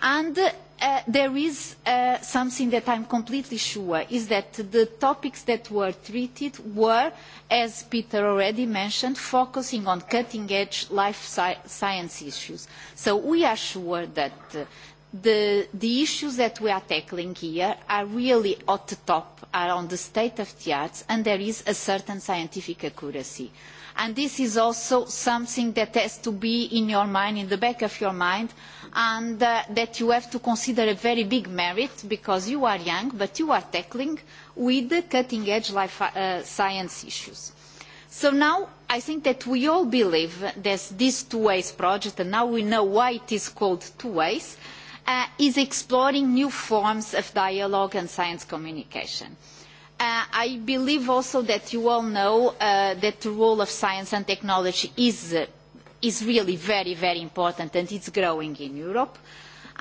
And uh, there is uh, something that I'm completely sure, is that the topics that were treated were, as Peter already mentioned, focusing on cutting-edge life sci science issues. So we are sure that uh, the, the issues that we are tackling here are really at the top, are on the state of the arts, and there is a certain scientific accuracy. And this is also something that has to be in your mind, in the back of your mind, and uh, that you have to consider a very big merit because you are young, but you are tackling with the cutting-edge life uh, science issues. So now I think that we all believe there's this two-ways project, and now we know why it is called two ways. Uh, uh, is exploring new forms of dialogue and science communication. Uh, I believe also that you all know uh, that the role of science and technology is, uh, is really very, very important and it's growing in Europe. Uh,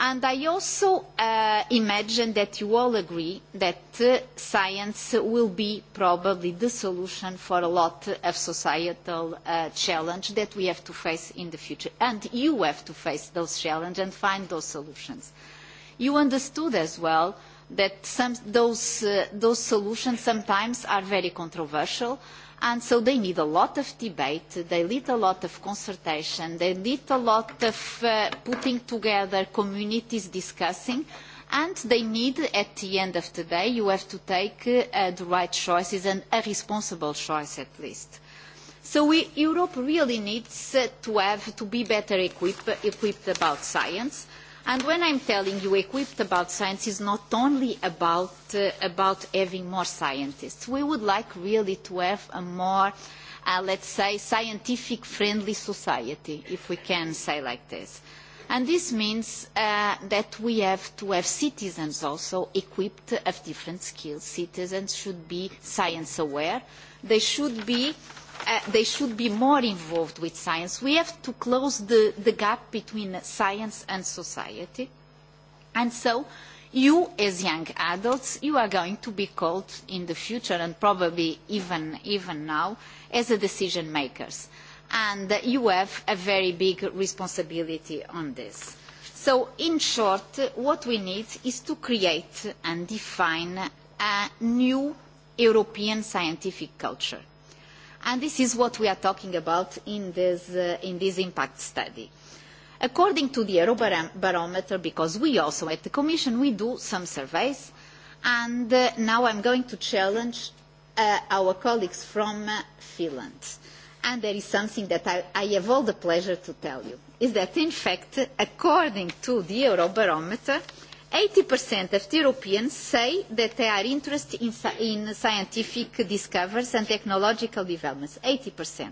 And I also uh, imagine that you all agree that uh, science will be probably the solution for a lot of societal uh, challenge that we have to face in the future. And you have to face those challenges and find those solutions. You understood as well that some, those, uh, those solutions sometimes are very controversial. Uh, and so they need a lot of debate, they need a lot of consultation, they need a lot of uh, putting together communities discussing, and they need, at the end of the day, you have to take uh, the right choices and a responsible choice at least. So we, Europe really needs uh, to have to be better equip, equipped about science And when I'm telling you equipped about science is not only about, uh, about having more scientists. We would like really to have a more, uh, let's say, scientific friendly society, if we can say like this. And this means uh, that we have to have citizens also equipped of different skills. Citizens should be science aware. They should be uh, uh, they should be more involved with science. We have to close the, the gap between science and society. And so you, as young adults, you are going to be called in the future and probably even, even now as a decision makers. And uh, you have a very big responsibility on this. So in short, what we need is to create and define a new European scientific culture and this is what we are talking about in this, uh, in this impact study. According to the Eurobarometer, because we also at the Commission, we do some surveys, and uh, now I'm going to challenge uh, our colleagues from uh, Finland. And there is something that I, I have all the pleasure to tell you, is that in fact, according to the Eurobarometer, 80% of the Europeans say that they are interested in, in scientific discoveries and technological developments, 80%.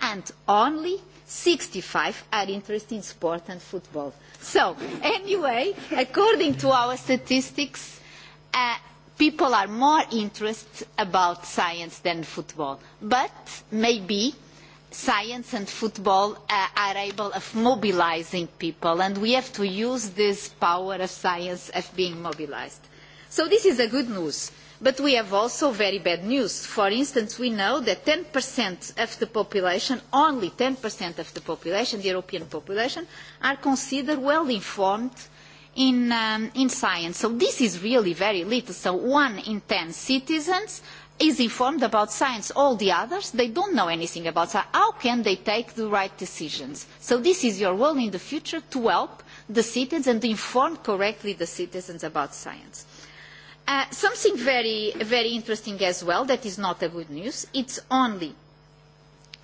And only 65 are interested in sport and football. So, anyway, according to our statistics, uh, people are more interested about science than football. But maybe science and football uh, are able of mobilizing people and we have to use this power of science of being mobilized. So this is a good news. But we have also very bad news. For instance, we know that 10% of the population, only 10% of the population, the European population, are considered well informed in, um, in science. So this is really very little. So one in 10 citizens is informed about science. All the others, they don't know anything about science. How can they take the right decisions? So this is your role in the future to help the citizens and inform correctly the citizens about science. Uh, something very, very interesting as well that is not a good news, it's only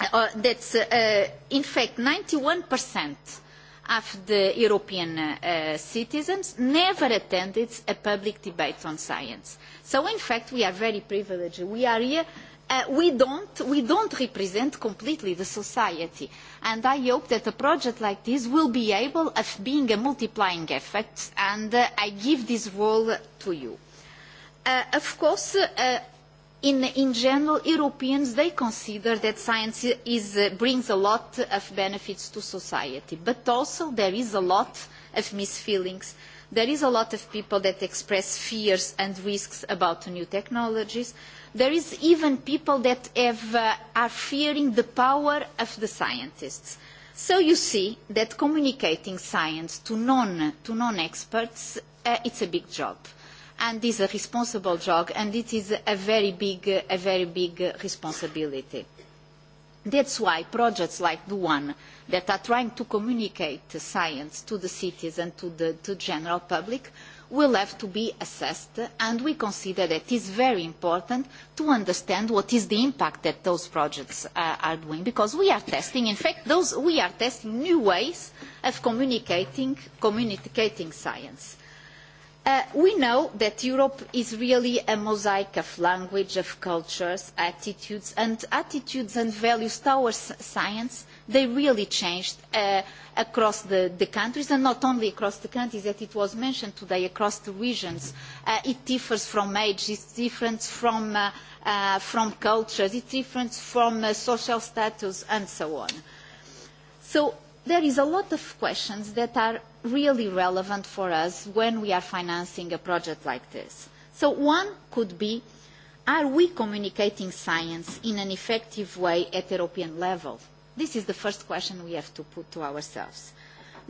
uh, that's, uh, uh in fact, 91 percent of the European uh, citizens never attended a uh, public debate on science. So in fact we are very privileged. We are here uh, we don't we don't represent completely the society and i hope that a project like this will be able of being a multiplying effect and uh, i give this role to you uh, of course uh, in, in general, Europeans, they consider that science is, uh, brings a lot of benefits to society, but also there is a lot of misfeelings. There is a lot of people that express fears and risks about new technologies. There is even people that have, uh, are fearing the power of the scientists. So you see that communicating science to non-experts, non, to non uh, it's a big job. Uh, and is a responsible drug, and it is a very big, a very big responsibility. That's why projects like the one that are trying to communicate science to the cities and to the to general public will have to be assessed, and we consider that it's very important to understand what is the impact that those projects uh, are doing, because we are testing, in fact, those, we are testing new ways of communicating, communicating science. Uh, we know that Europe is really a mosaic of language, of cultures, attitudes, and attitudes and values towards science, they really changed uh, across the, the countries, and not only across the countries, that it was mentioned today, across the regions. Uh, it differs from age, it differs from, uh, uh, from cultures, it differs from uh, social status, and so on. So there is a lot of questions that are really relevant for us when we are financing a project like this. So one could be, are we communicating science in an effective way at European level? This is the first question we have to put to ourselves.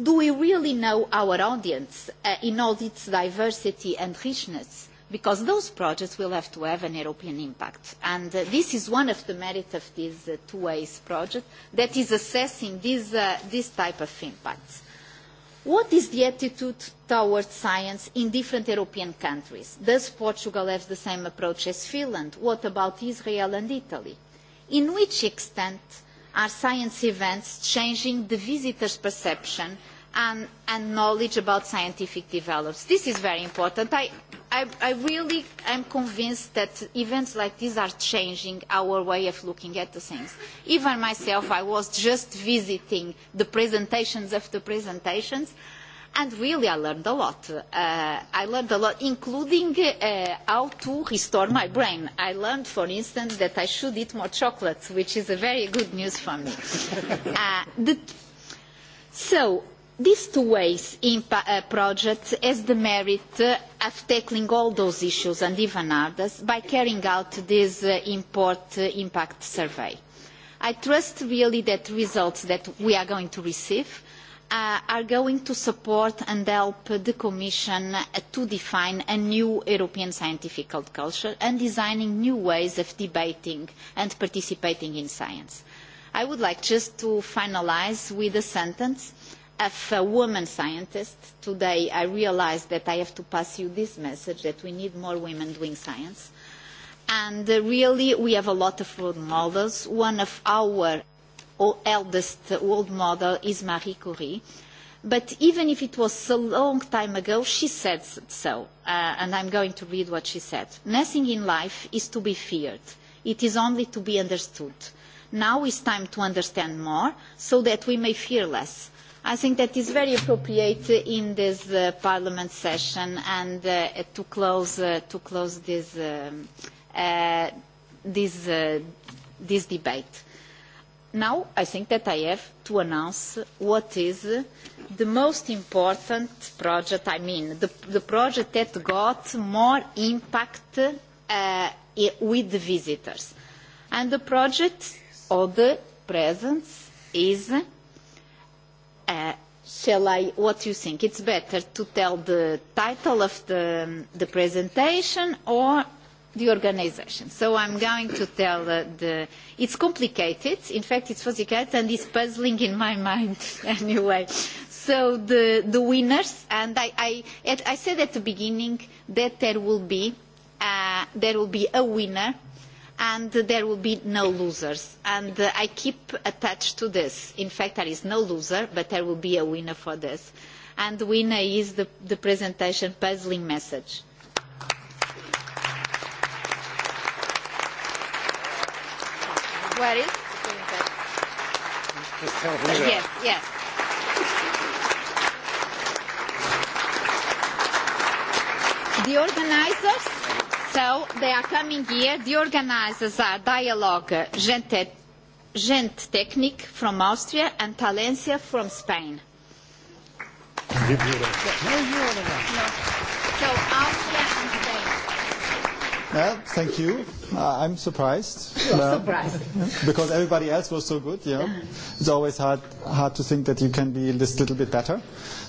Do we really know our audience uh, in all its diversity and richness? because those projects will have to have an European impact. And uh, this is one of the merits of this uh, two ways project that is assessing these, uh, this type of impacts. What is the attitude towards science in different European countries? Does Portugal have the same approach as Finland? What about Israel and Italy? In which extent are science events changing the visitor's perception and, and knowledge about scientific develops. This is very important. I, I, I really am convinced that events like these are changing our way of looking at the things. Even myself, I was just visiting the presentations of the presentations, and really I learned a lot. Uh, I learned a lot, including uh, how to restore my brain. I learned, for instance, that I should eat more chocolates, which is a very good news for me. uh, the, so These two ways IMPA uh, projects has the merit uh, of tackling all those issues and even others by carrying out this uh, import uh, impact survey. I trust really that results that we are going to receive uh, are going to support and help the Commission uh, to define a new European scientific culture and designing new ways of debating and participating in science. I would like just to finalize with a sentence of a woman scientist. Today I realized that I have to pass you this message that we need more women doing science. And uh, really we have a lot of role models. One of our eldest world model is Marie Curie. But even if it was a long time ago, she said so. Uh, and I'm going to read what she said. Nothing in life is to be feared. It is only to be understood. Now is time to understand more so that we may fear less I think that is very appropriate in this uh, Parliament session and uh, to close uh, to close this um, uh, this uh, this debate. Now I think that I have to announce what is the most important project. I mean, the, the project that got more impact uh, with the visitors, and the project of the presence is Uh, shall I, what do you think? It's better to tell the title of the, the presentation or the organization. So I'm going to tell uh, the, it's complicated, in fact it's complicated and it's puzzling in my mind anyway. So the, the winners, and I, I, at, I said at the beginning that there will be, uh, there will be a winner and there will be no losers. And uh, I keep attached to this. In fact, there is no loser, but there will be a winner for this. And the winner is the, the presentation puzzling message. Where is? Just tell who uh, Yes, yes. The organizers So they are coming here. The organizers are Dialogue Gente, Gent Technik from Austria and Talencia from Spain. So Austria Yeah, thank you. Uh, I'm surprised. You're uh, surprised. Because everybody else was so good, yeah. It's always hard, hard to think that you can be this little bit better.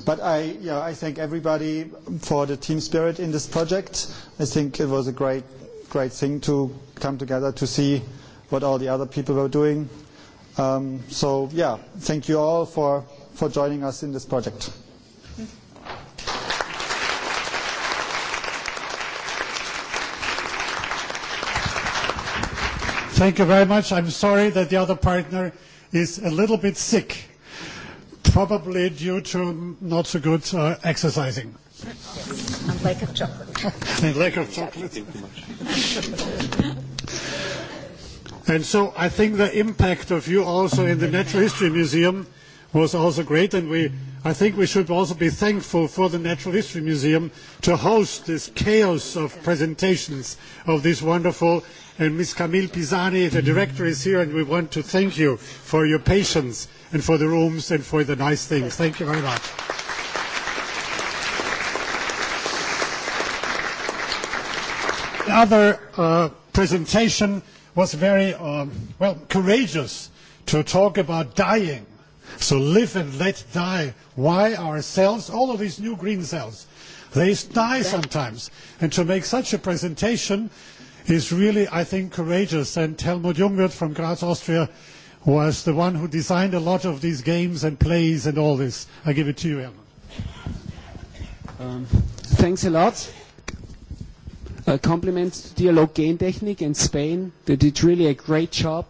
But I, yeah, I thank everybody for the team spirit in this project. I think it was a great, great thing to come together to see what all the other people were doing. Um, so yeah, thank you all for, for joining us in this project. Thank you very much. I'm sorry that the other partner is a little bit sick, probably due to not so good uh, exercising. And lack of chocolate. and lack of chocolate. Too much. and so I think the impact of you also in the Natural History Museum was also great, and we, I think we should also be thankful for the Natural History Museum to host this chaos of presentations of this wonderful. And Ms. Camille Pisani, the director, is here, and we want to thank you for your patience and for the rooms and for the nice things. Thank you very much. The other uh, presentation was very, um, well, courageous to talk about dying So live and let die. Why our cells, all of these new green cells, they die sometimes. And to make such a presentation is really, I think, courageous. And Helmut Jungwirth from Graz, Austria, was the one who designed a lot of these games and plays and all this. I give it to you, Helmut. Um, thanks a lot. Uh, compliments to Dialog Gentechnik in Spain. They did really a great job.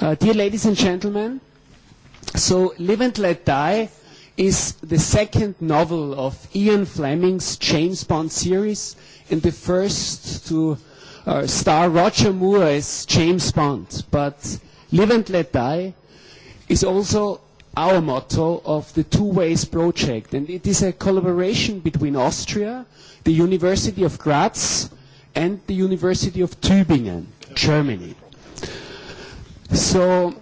Uh, dear ladies and gentlemen, So Live and Let Die is the second novel of Ian Fleming's James Bond series and the first to uh, star Roger Moore as James Bond. But Live and Let Die is also our motto of the Two Ways project. And it is a collaboration between Austria, the University of Graz, and the University of Tübingen, Germany. So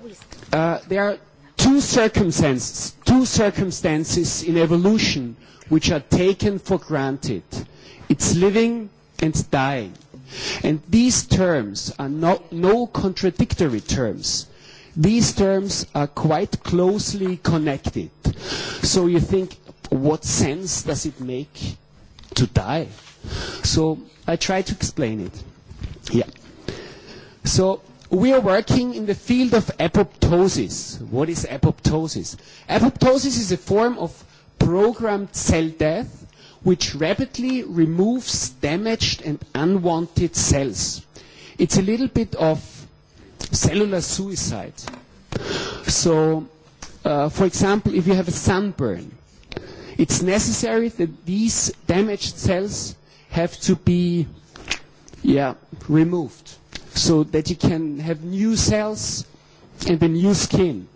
uh, there are two circumstances, two circumstances in evolution which are taken for granted. It's living and dying. And these terms are not, no contradictory terms. These terms are quite closely connected. So you think, what sense does it make to die? So I try to explain it. Yeah. So we are working in the field of apoptosis. What is apoptosis? Apoptosis is a form of programmed cell death which rapidly removes damaged and unwanted cells. It's a little bit of cellular suicide. So, uh, for example, if you have a sunburn, it's necessary that these damaged cells have to be yeah, removed so that you can have new cells and a new skin.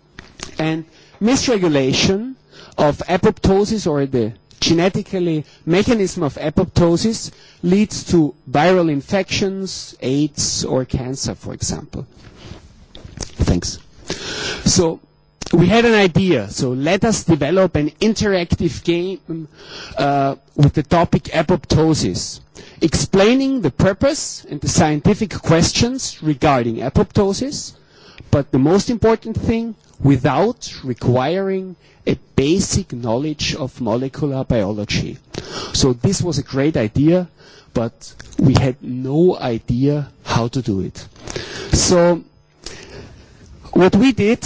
And misregulation of apoptosis or the genetically mechanism of apoptosis leads to viral infections, AIDS or cancer, for example. Thanks. So we had an idea, so let us develop an interactive game uh, with the topic apoptosis, explaining the purpose and the scientific questions regarding apoptosis, but the most important thing, without requiring a basic knowledge of molecular biology. So this was a great idea, but we had no idea how to do it. So what we did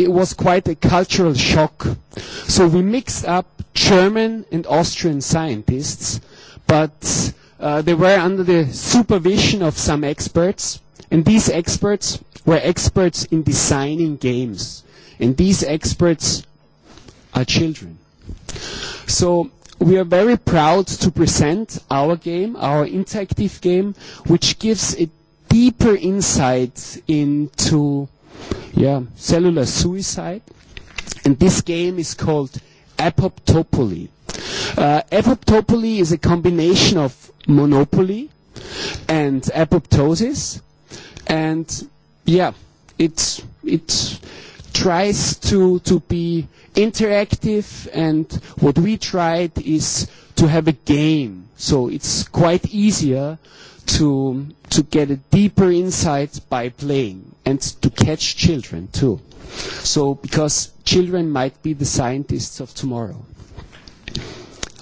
it was quite a cultural shock. So we mixed up German and Austrian scientists, but uh, they were under the supervision of some experts, and these experts were experts in designing games, and these experts are children. So we are very proud to present our game, our interactive game, which gives a deeper insight into uh, yeah, cellular suicide. And this game is called Apoptopoly. Uh, apoptopoly is a combination of monopoly and apoptosis. And yeah, it's, it's, tries to, to be interactive and what we tried is to have a game. So it's quite easier to, to get a deeper insight by playing and to catch children too. So, because children might be the scientists of tomorrow.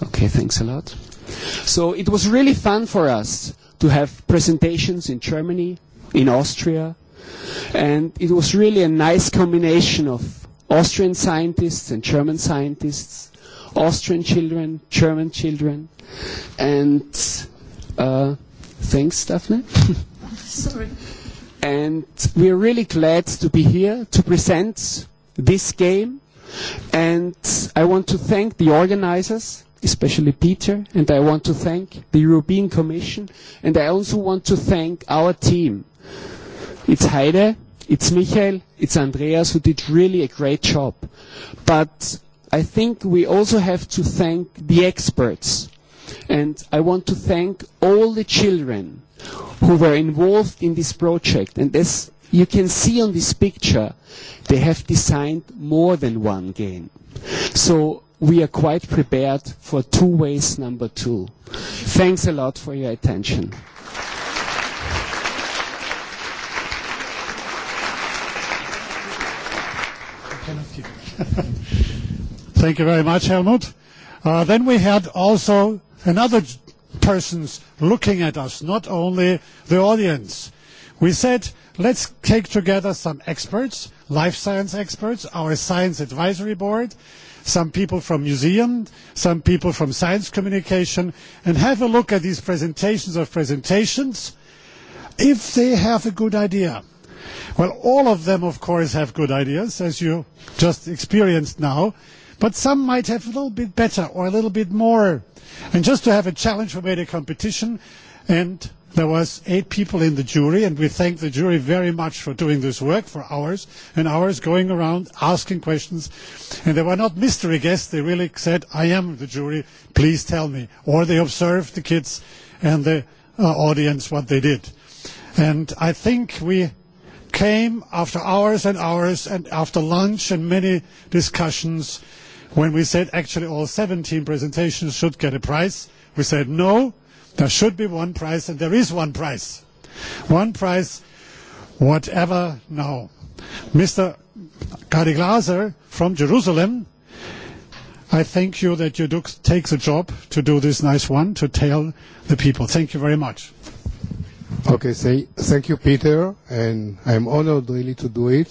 Okay, thanks a lot. So it was really fun for us to have presentations in Germany, in Austria, and it was really a nice combination of Austrian scientists and German scientists, Austrian children, German children, and uh, thanks, Daphne. Sorry and we are really glad to be here to present this game. And I want to thank the organizers, especially Peter, and I want to thank the European Commission, and I also want to thank our team. It's Heide, it's Michael, it's Andreas who did really a great job. But I think we also have to thank the experts And I want to thank all the children who were involved in this project. And as you can see on this picture, they have designed more than one game. So we are quite prepared for two ways number two. Thanks a lot for your attention. Thank you very much, Helmut. Uh, then we had also and other persons looking at us, not only the audience. We said, let's take together some experts, life science experts, our science advisory board, some people from museum, some people from science communication, and have a look at these presentations of presentations if they have a good idea. Well, all of them, of course, have good ideas, as you just experienced now, But some might have a little bit better or a little bit more. And just to have a challenge, we made a competition, and there was eight people in the jury, and we thank the jury very much for doing this work for hours and hours, going around asking questions. And they were not mystery guests; they really said, "I am the jury. Please tell me." Or they observed the kids and the uh, audience what they did. And I think we came after hours and hours and after lunch and many discussions when we said actually all 17 presentations should get a prize, we said no, there should be one prize and there is one prize. One prize, whatever now. Mr. Kari Glaser from Jerusalem, I thank you that you do take the job to do this nice one, to tell the people. Thank you very much. Okay, say, thank you, Peter, and I'm honored really to do it.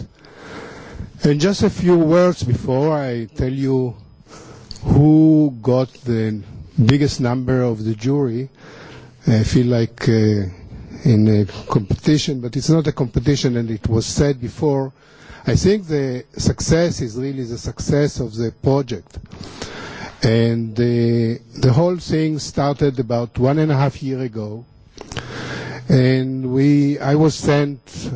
And just a few words before I tell you who got the biggest number of the jury. I feel like uh, in a competition, but it's not a competition, and it was said before. I think the success is really the success of the project. And the, uh, the whole thing started about one and a half year ago. Uh, and we I was sent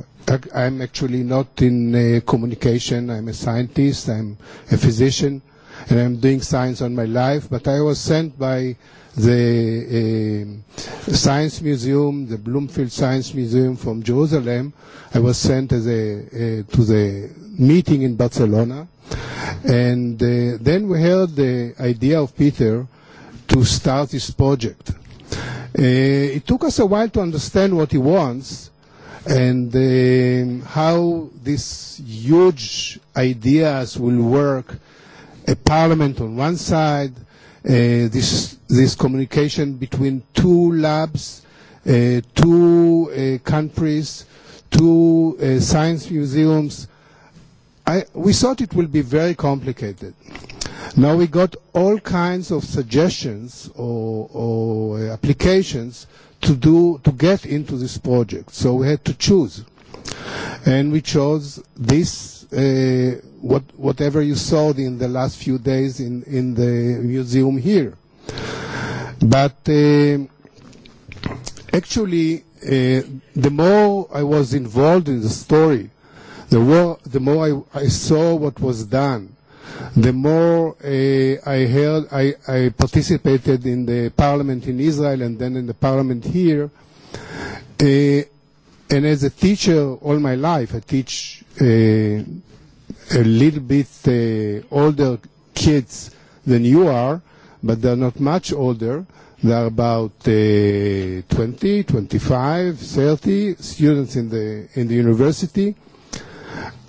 I'm actually not in uh, communication I'm a scientist I'm a physician and I'm doing science on my life but I was sent by the uh, science museum the Bloomfield Science Museum from Jerusalem I was sent as a, uh, to the meeting in Barcelona and uh, then we heard the idea of Peter to start this project Uh, it took us a while to understand what he wants and uh, how these huge ideas will work. A parliament on one side, uh, this, this communication between two labs, uh, two uh, countries, two uh, science museums. I, we thought it would be very complicated. Uh, Now we got all kinds of suggestions or, or applications to do to get into this project. So we had to choose, and we chose this. Uh, what whatever you saw in the last few days in in the museum here, but uh, actually. Uh, the more I was involved in the story, the, war, the more I, I saw what was done the more uh, I heard, I, I participated in the parliament in Israel and then in the parliament here. Uh, and as a teacher all my life, I teach uh, a little bit uh, older kids than you are, but they're not much older. There are about uh, 20, 25, 30 students in the in the university.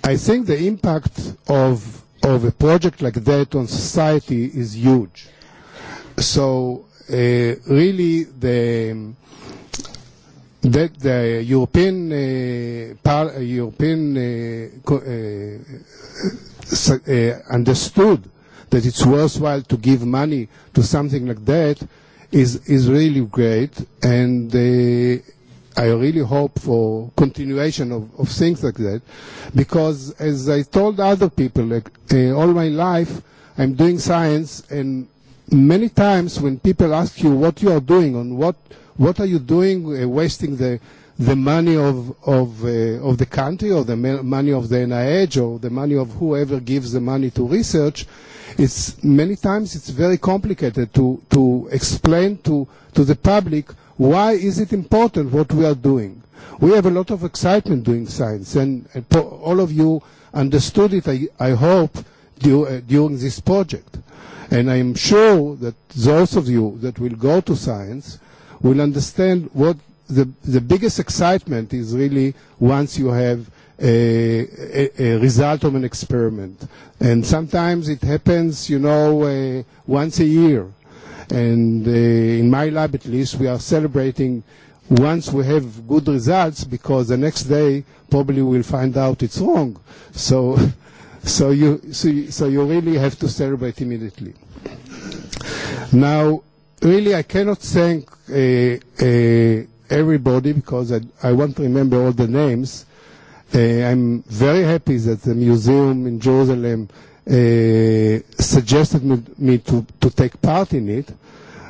I think the impact of of a project like that on society is huge. So uh, really the that the European uh, par, uh, European uh, co- uh, uh, understood that it's worthwhile to give money to something like that is is really great and. Uh, I really hope for continuation of, of things like that, because as I told other people, like uh, all my life, I'm doing science, and many times when people ask you what you are doing, on what what are you doing, uh, wasting the the money of of uh, of the country, or the money of the NIH, or the money of whoever gives the money to research, it's many times it's very complicated to to explain to to the public Why is it important what we are doing? We have a lot of excitement doing science, and, and all of you understood it, I, I hope, du- uh, during this project. And I am sure that those of you that will go to science will understand what the, the biggest excitement is really once you have a, a, a result of an experiment. And sometimes it happens, you know, uh, once a year And uh, in my lab, at least, we are celebrating once we have good results because the next day probably we'll find out it's wrong. So, so you so you, so you really have to celebrate immediately. Now, really, I cannot thank uh, uh, everybody because I, I want to remember all the names. Uh, I'm very happy that the museum in Jerusalem uh, suggested me, me to, to take part in it.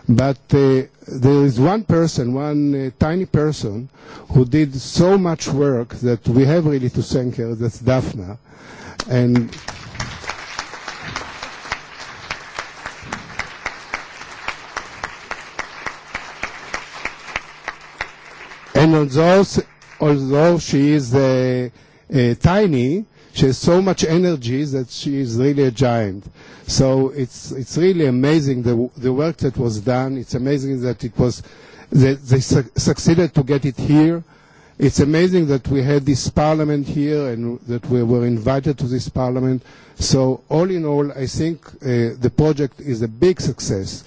But uh, there is one person, one uh, tiny person, who did so much work that we have really to thank her. That's Daphne, and. And although, although she is uh, uh, tiny, She has so much energy that she is really a giant. So it's it's really amazing the the work that was done. It's amazing that it was that they su- succeeded to get it here. It's amazing that we had this parliament here and that we were invited to this parliament. So all in all, I think uh, the project is a big success.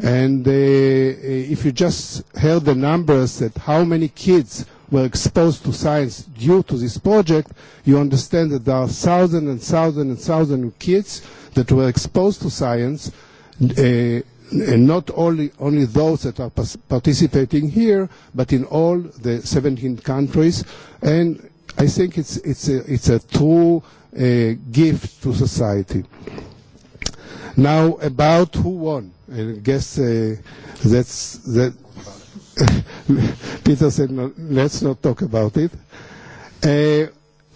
And uh, if you just heard the numbers that how many kids were exposed to science due to this project, you understand that there are thousands and thousands and thousands of kids that were exposed to science, uh, and not only, only those that are participating here, but in all the 17 countries. And I think it's, it's, a, it's a true uh, gift to society. Now, about who won, I guess uh, that's, that, Peter said, no, let's not talk about it. Uh,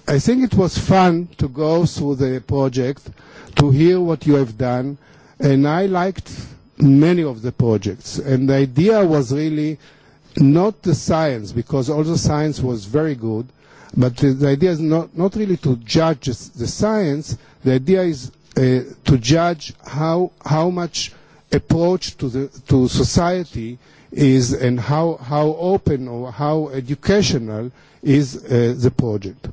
I think it was fun to go through the project, to hear what you have done, and I liked many of the projects. And the idea was really not the science, because all the science was very good, but the, the idea is not, not really to judge the science, the idea is uh, to judge how, how much approach to, the, to society uh, is and how, how open or how educational is uh, the project.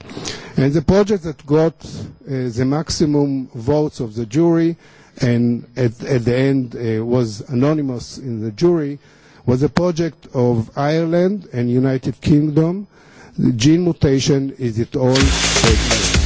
And the project that got uh, the maximum votes of the jury and at, at the end uh, was anonymous in the jury was a project of Ireland and United Kingdom. The gene mutation is it all. Segment.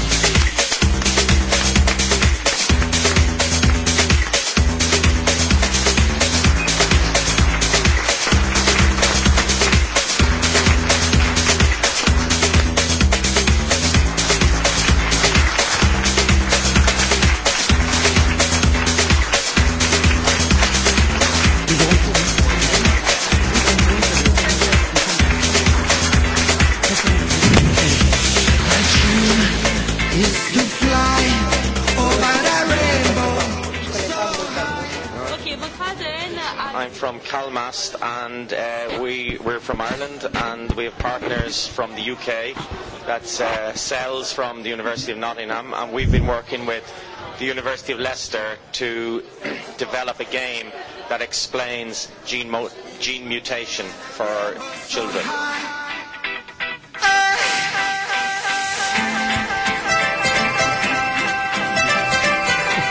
That's uh, cells from the University of Nottingham, and we've been working with the University of Leicester to develop a game that explains gene, mo- gene mutation for children. Ha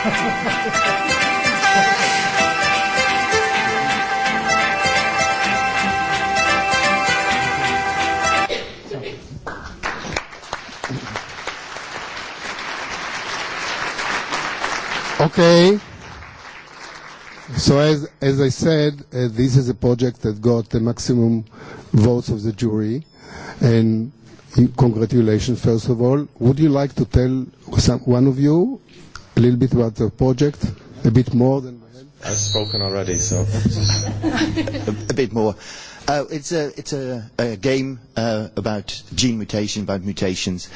ha ha ha! Okay. So as, as I said, uh, this is a project that got the maximum votes of the jury. And congratulations, first of all. Would you like to tell some, one of you a little bit about the project, a bit more than I've spoken already, so a bit more. Oh, it's a it's a, a game uh, about gene mutation, about mutations,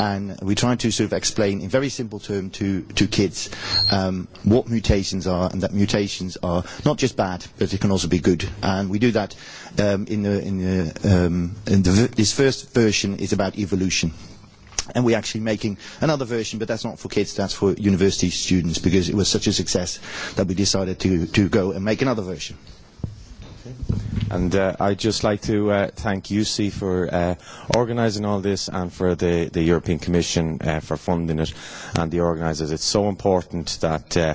and we try to sort of explain in very simple terms to to kids um, what mutations are, and that mutations are not just bad, but it can also be good. And we do that um, in the in the, um, in the this first version is about evolution and we're actually making another version, but that's not for kids, that's for university students, because it was such a success that we decided to, to go and make another version. And uh, I'd just like to uh, thank UC for uh, organising all this and for the, the European Commission uh, for funding it and the organisers. It's so important that uh,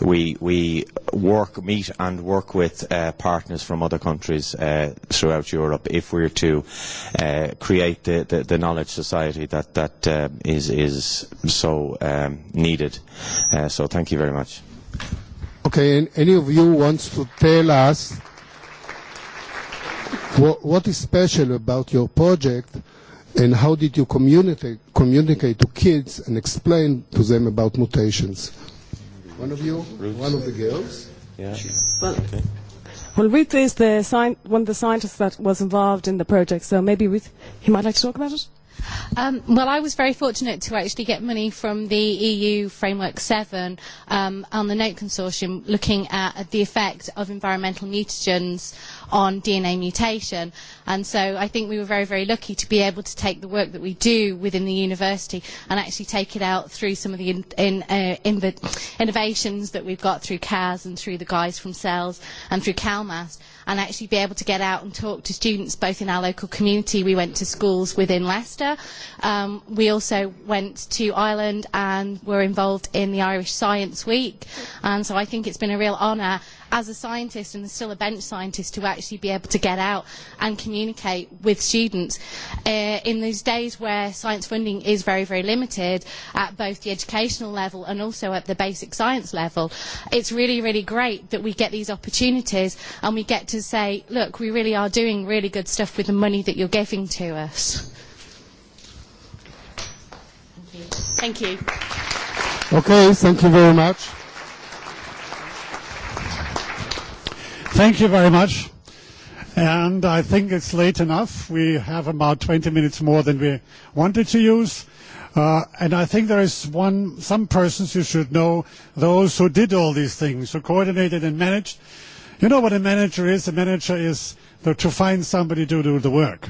we, we work, meet and work with uh, partners from other countries uh, throughout Europe if we're to uh, create the, the, the knowledge society that, that uh, is, is so um, needed. Uh, so thank you very much. Okay, and any of you wants to tell us What, what is special about your project and how did you communicate, communicate to kids and explain to them about mutations? One of you? Roots. One of the girls? Yeah. Well, okay. Well, Ruth is the sci- one of the scientists that was involved in the project, so maybe Ruth, he might like to talk about it? Um, well, I was very fortunate to actually get money from the EU Framework 7 um, on the NOTE consortium looking at the effect of environmental mutagens on DNA mutation. And so I think we were very, very lucky to be able to take the work that we do within the university and actually take it out through some of the in, in, uh, in the innovations that we've got through CAS and through the guys from CELLS and through CalMAS and actually be able to get out and talk to students both in our local community. We went to schools within Leicester. Um, we also went to Ireland and were involved in the Irish Science Week. And so I think it's been a real honour as a scientist and still a bench scientist to actually be able to get out and communicate with students uh, in these days where science funding is very, very limited at both the educational level and also at the basic science level. It's really, really great that we get these opportunities and we get to say, look, we really are doing really good stuff with the money that you're giving to us. Thank you. Thank you. Okay, thank you very much. Thank you very much. And I think it's late enough. We have about 20 minutes more than we wanted to use. Uh, and I think there is one, some persons you should know, those who did all these things, who coordinated and managed. You know what a manager is? A manager is the, to find somebody to do the work.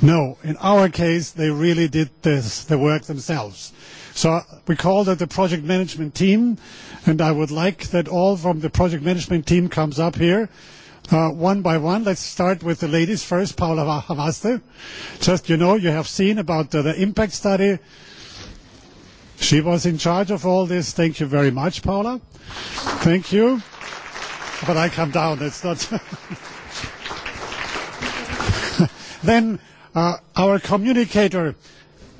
No, in our case, they really did this, the work themselves. Uh, So we call that the project management team, and I would like that all from the project management team comes up here uh, one by one. Let's start with the ladies first, Paula Havaste. Just you know, you have seen about uh, the impact study. She was in charge of all this. Thank you very much, Paula. Thank you. But I come down. It's not. then uh, our communicator.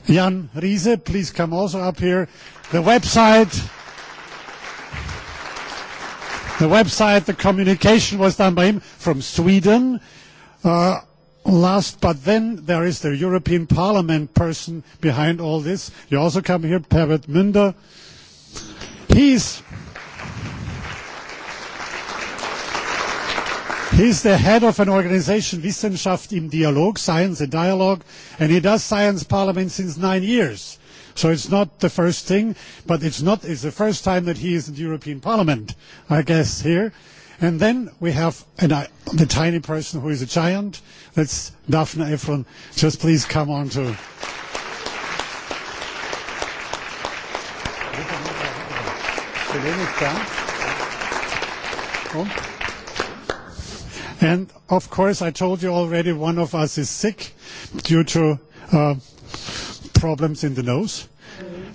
Jan Riese, please come also up here. The website, the website, the communication was done by him from Sweden. Uh, last, but then there is the European Parliament person behind all this. You also come here, Pervert Münder. He's He's the head of an organization, Wissenschaft im Dialog, Science in Dialogue, and he does Science Parliament since nine years. So it's not the first thing, but it's not, it's the first time that he is in the European Parliament, I guess, here. And then we have an, uh, the tiny person who is a giant. That's Daphne Efron. Just please come on to. Thank you. And of course, I told you already, one of us is sick due to uh, problems in the nose.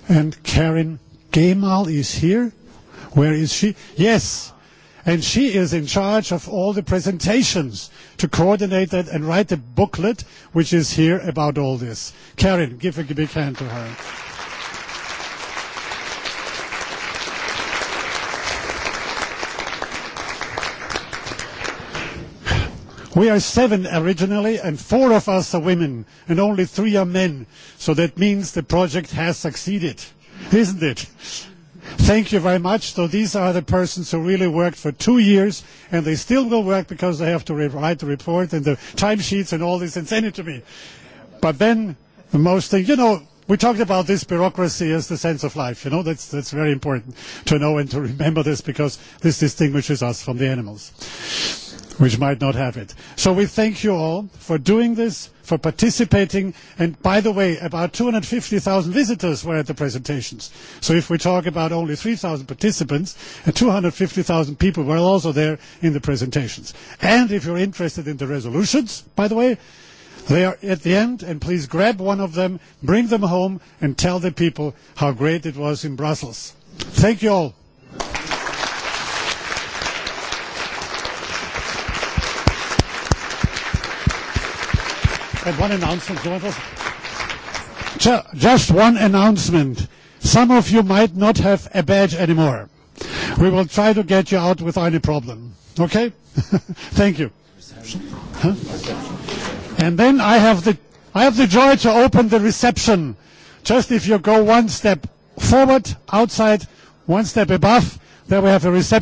And Karin Gemal is here. Where is she? Yes. And she is in charge of all the presentations to coordinate that and write the booklet, which is here about all this. Karin, give a big hand to her. We are seven originally, and four of us are women, and only three are men. So that means the project has succeeded, isn't it? Thank you very much. So these are the persons who really worked for two years, and they still will work because they have to write the report and the timesheets and all this and send it to me. But then the most thing, you know, we talked about this bureaucracy as the sense of life. You know, that's, that's very important to know and to remember this because this distinguishes us from the animals which might not have it. So we thank you all for doing this, for participating. And by the way, about 250,000 visitors were at the presentations. So if we talk about only 3,000 participants, 250,000 uh, people were also there in the presentations. And if you're interested in the resolutions, by the way, They are at the end, and please grab one of them, bring them home, and tell the people how great it was in Brussels. Thank you all. And one announcement. So it was just one announcement. Some of you might not have a badge anymore. We will try to get you out without any problem. Okay? Thank you. Huh? And then I have the I have the joy to open the reception. Just if you go one step forward, outside, one step above, there we have a reception.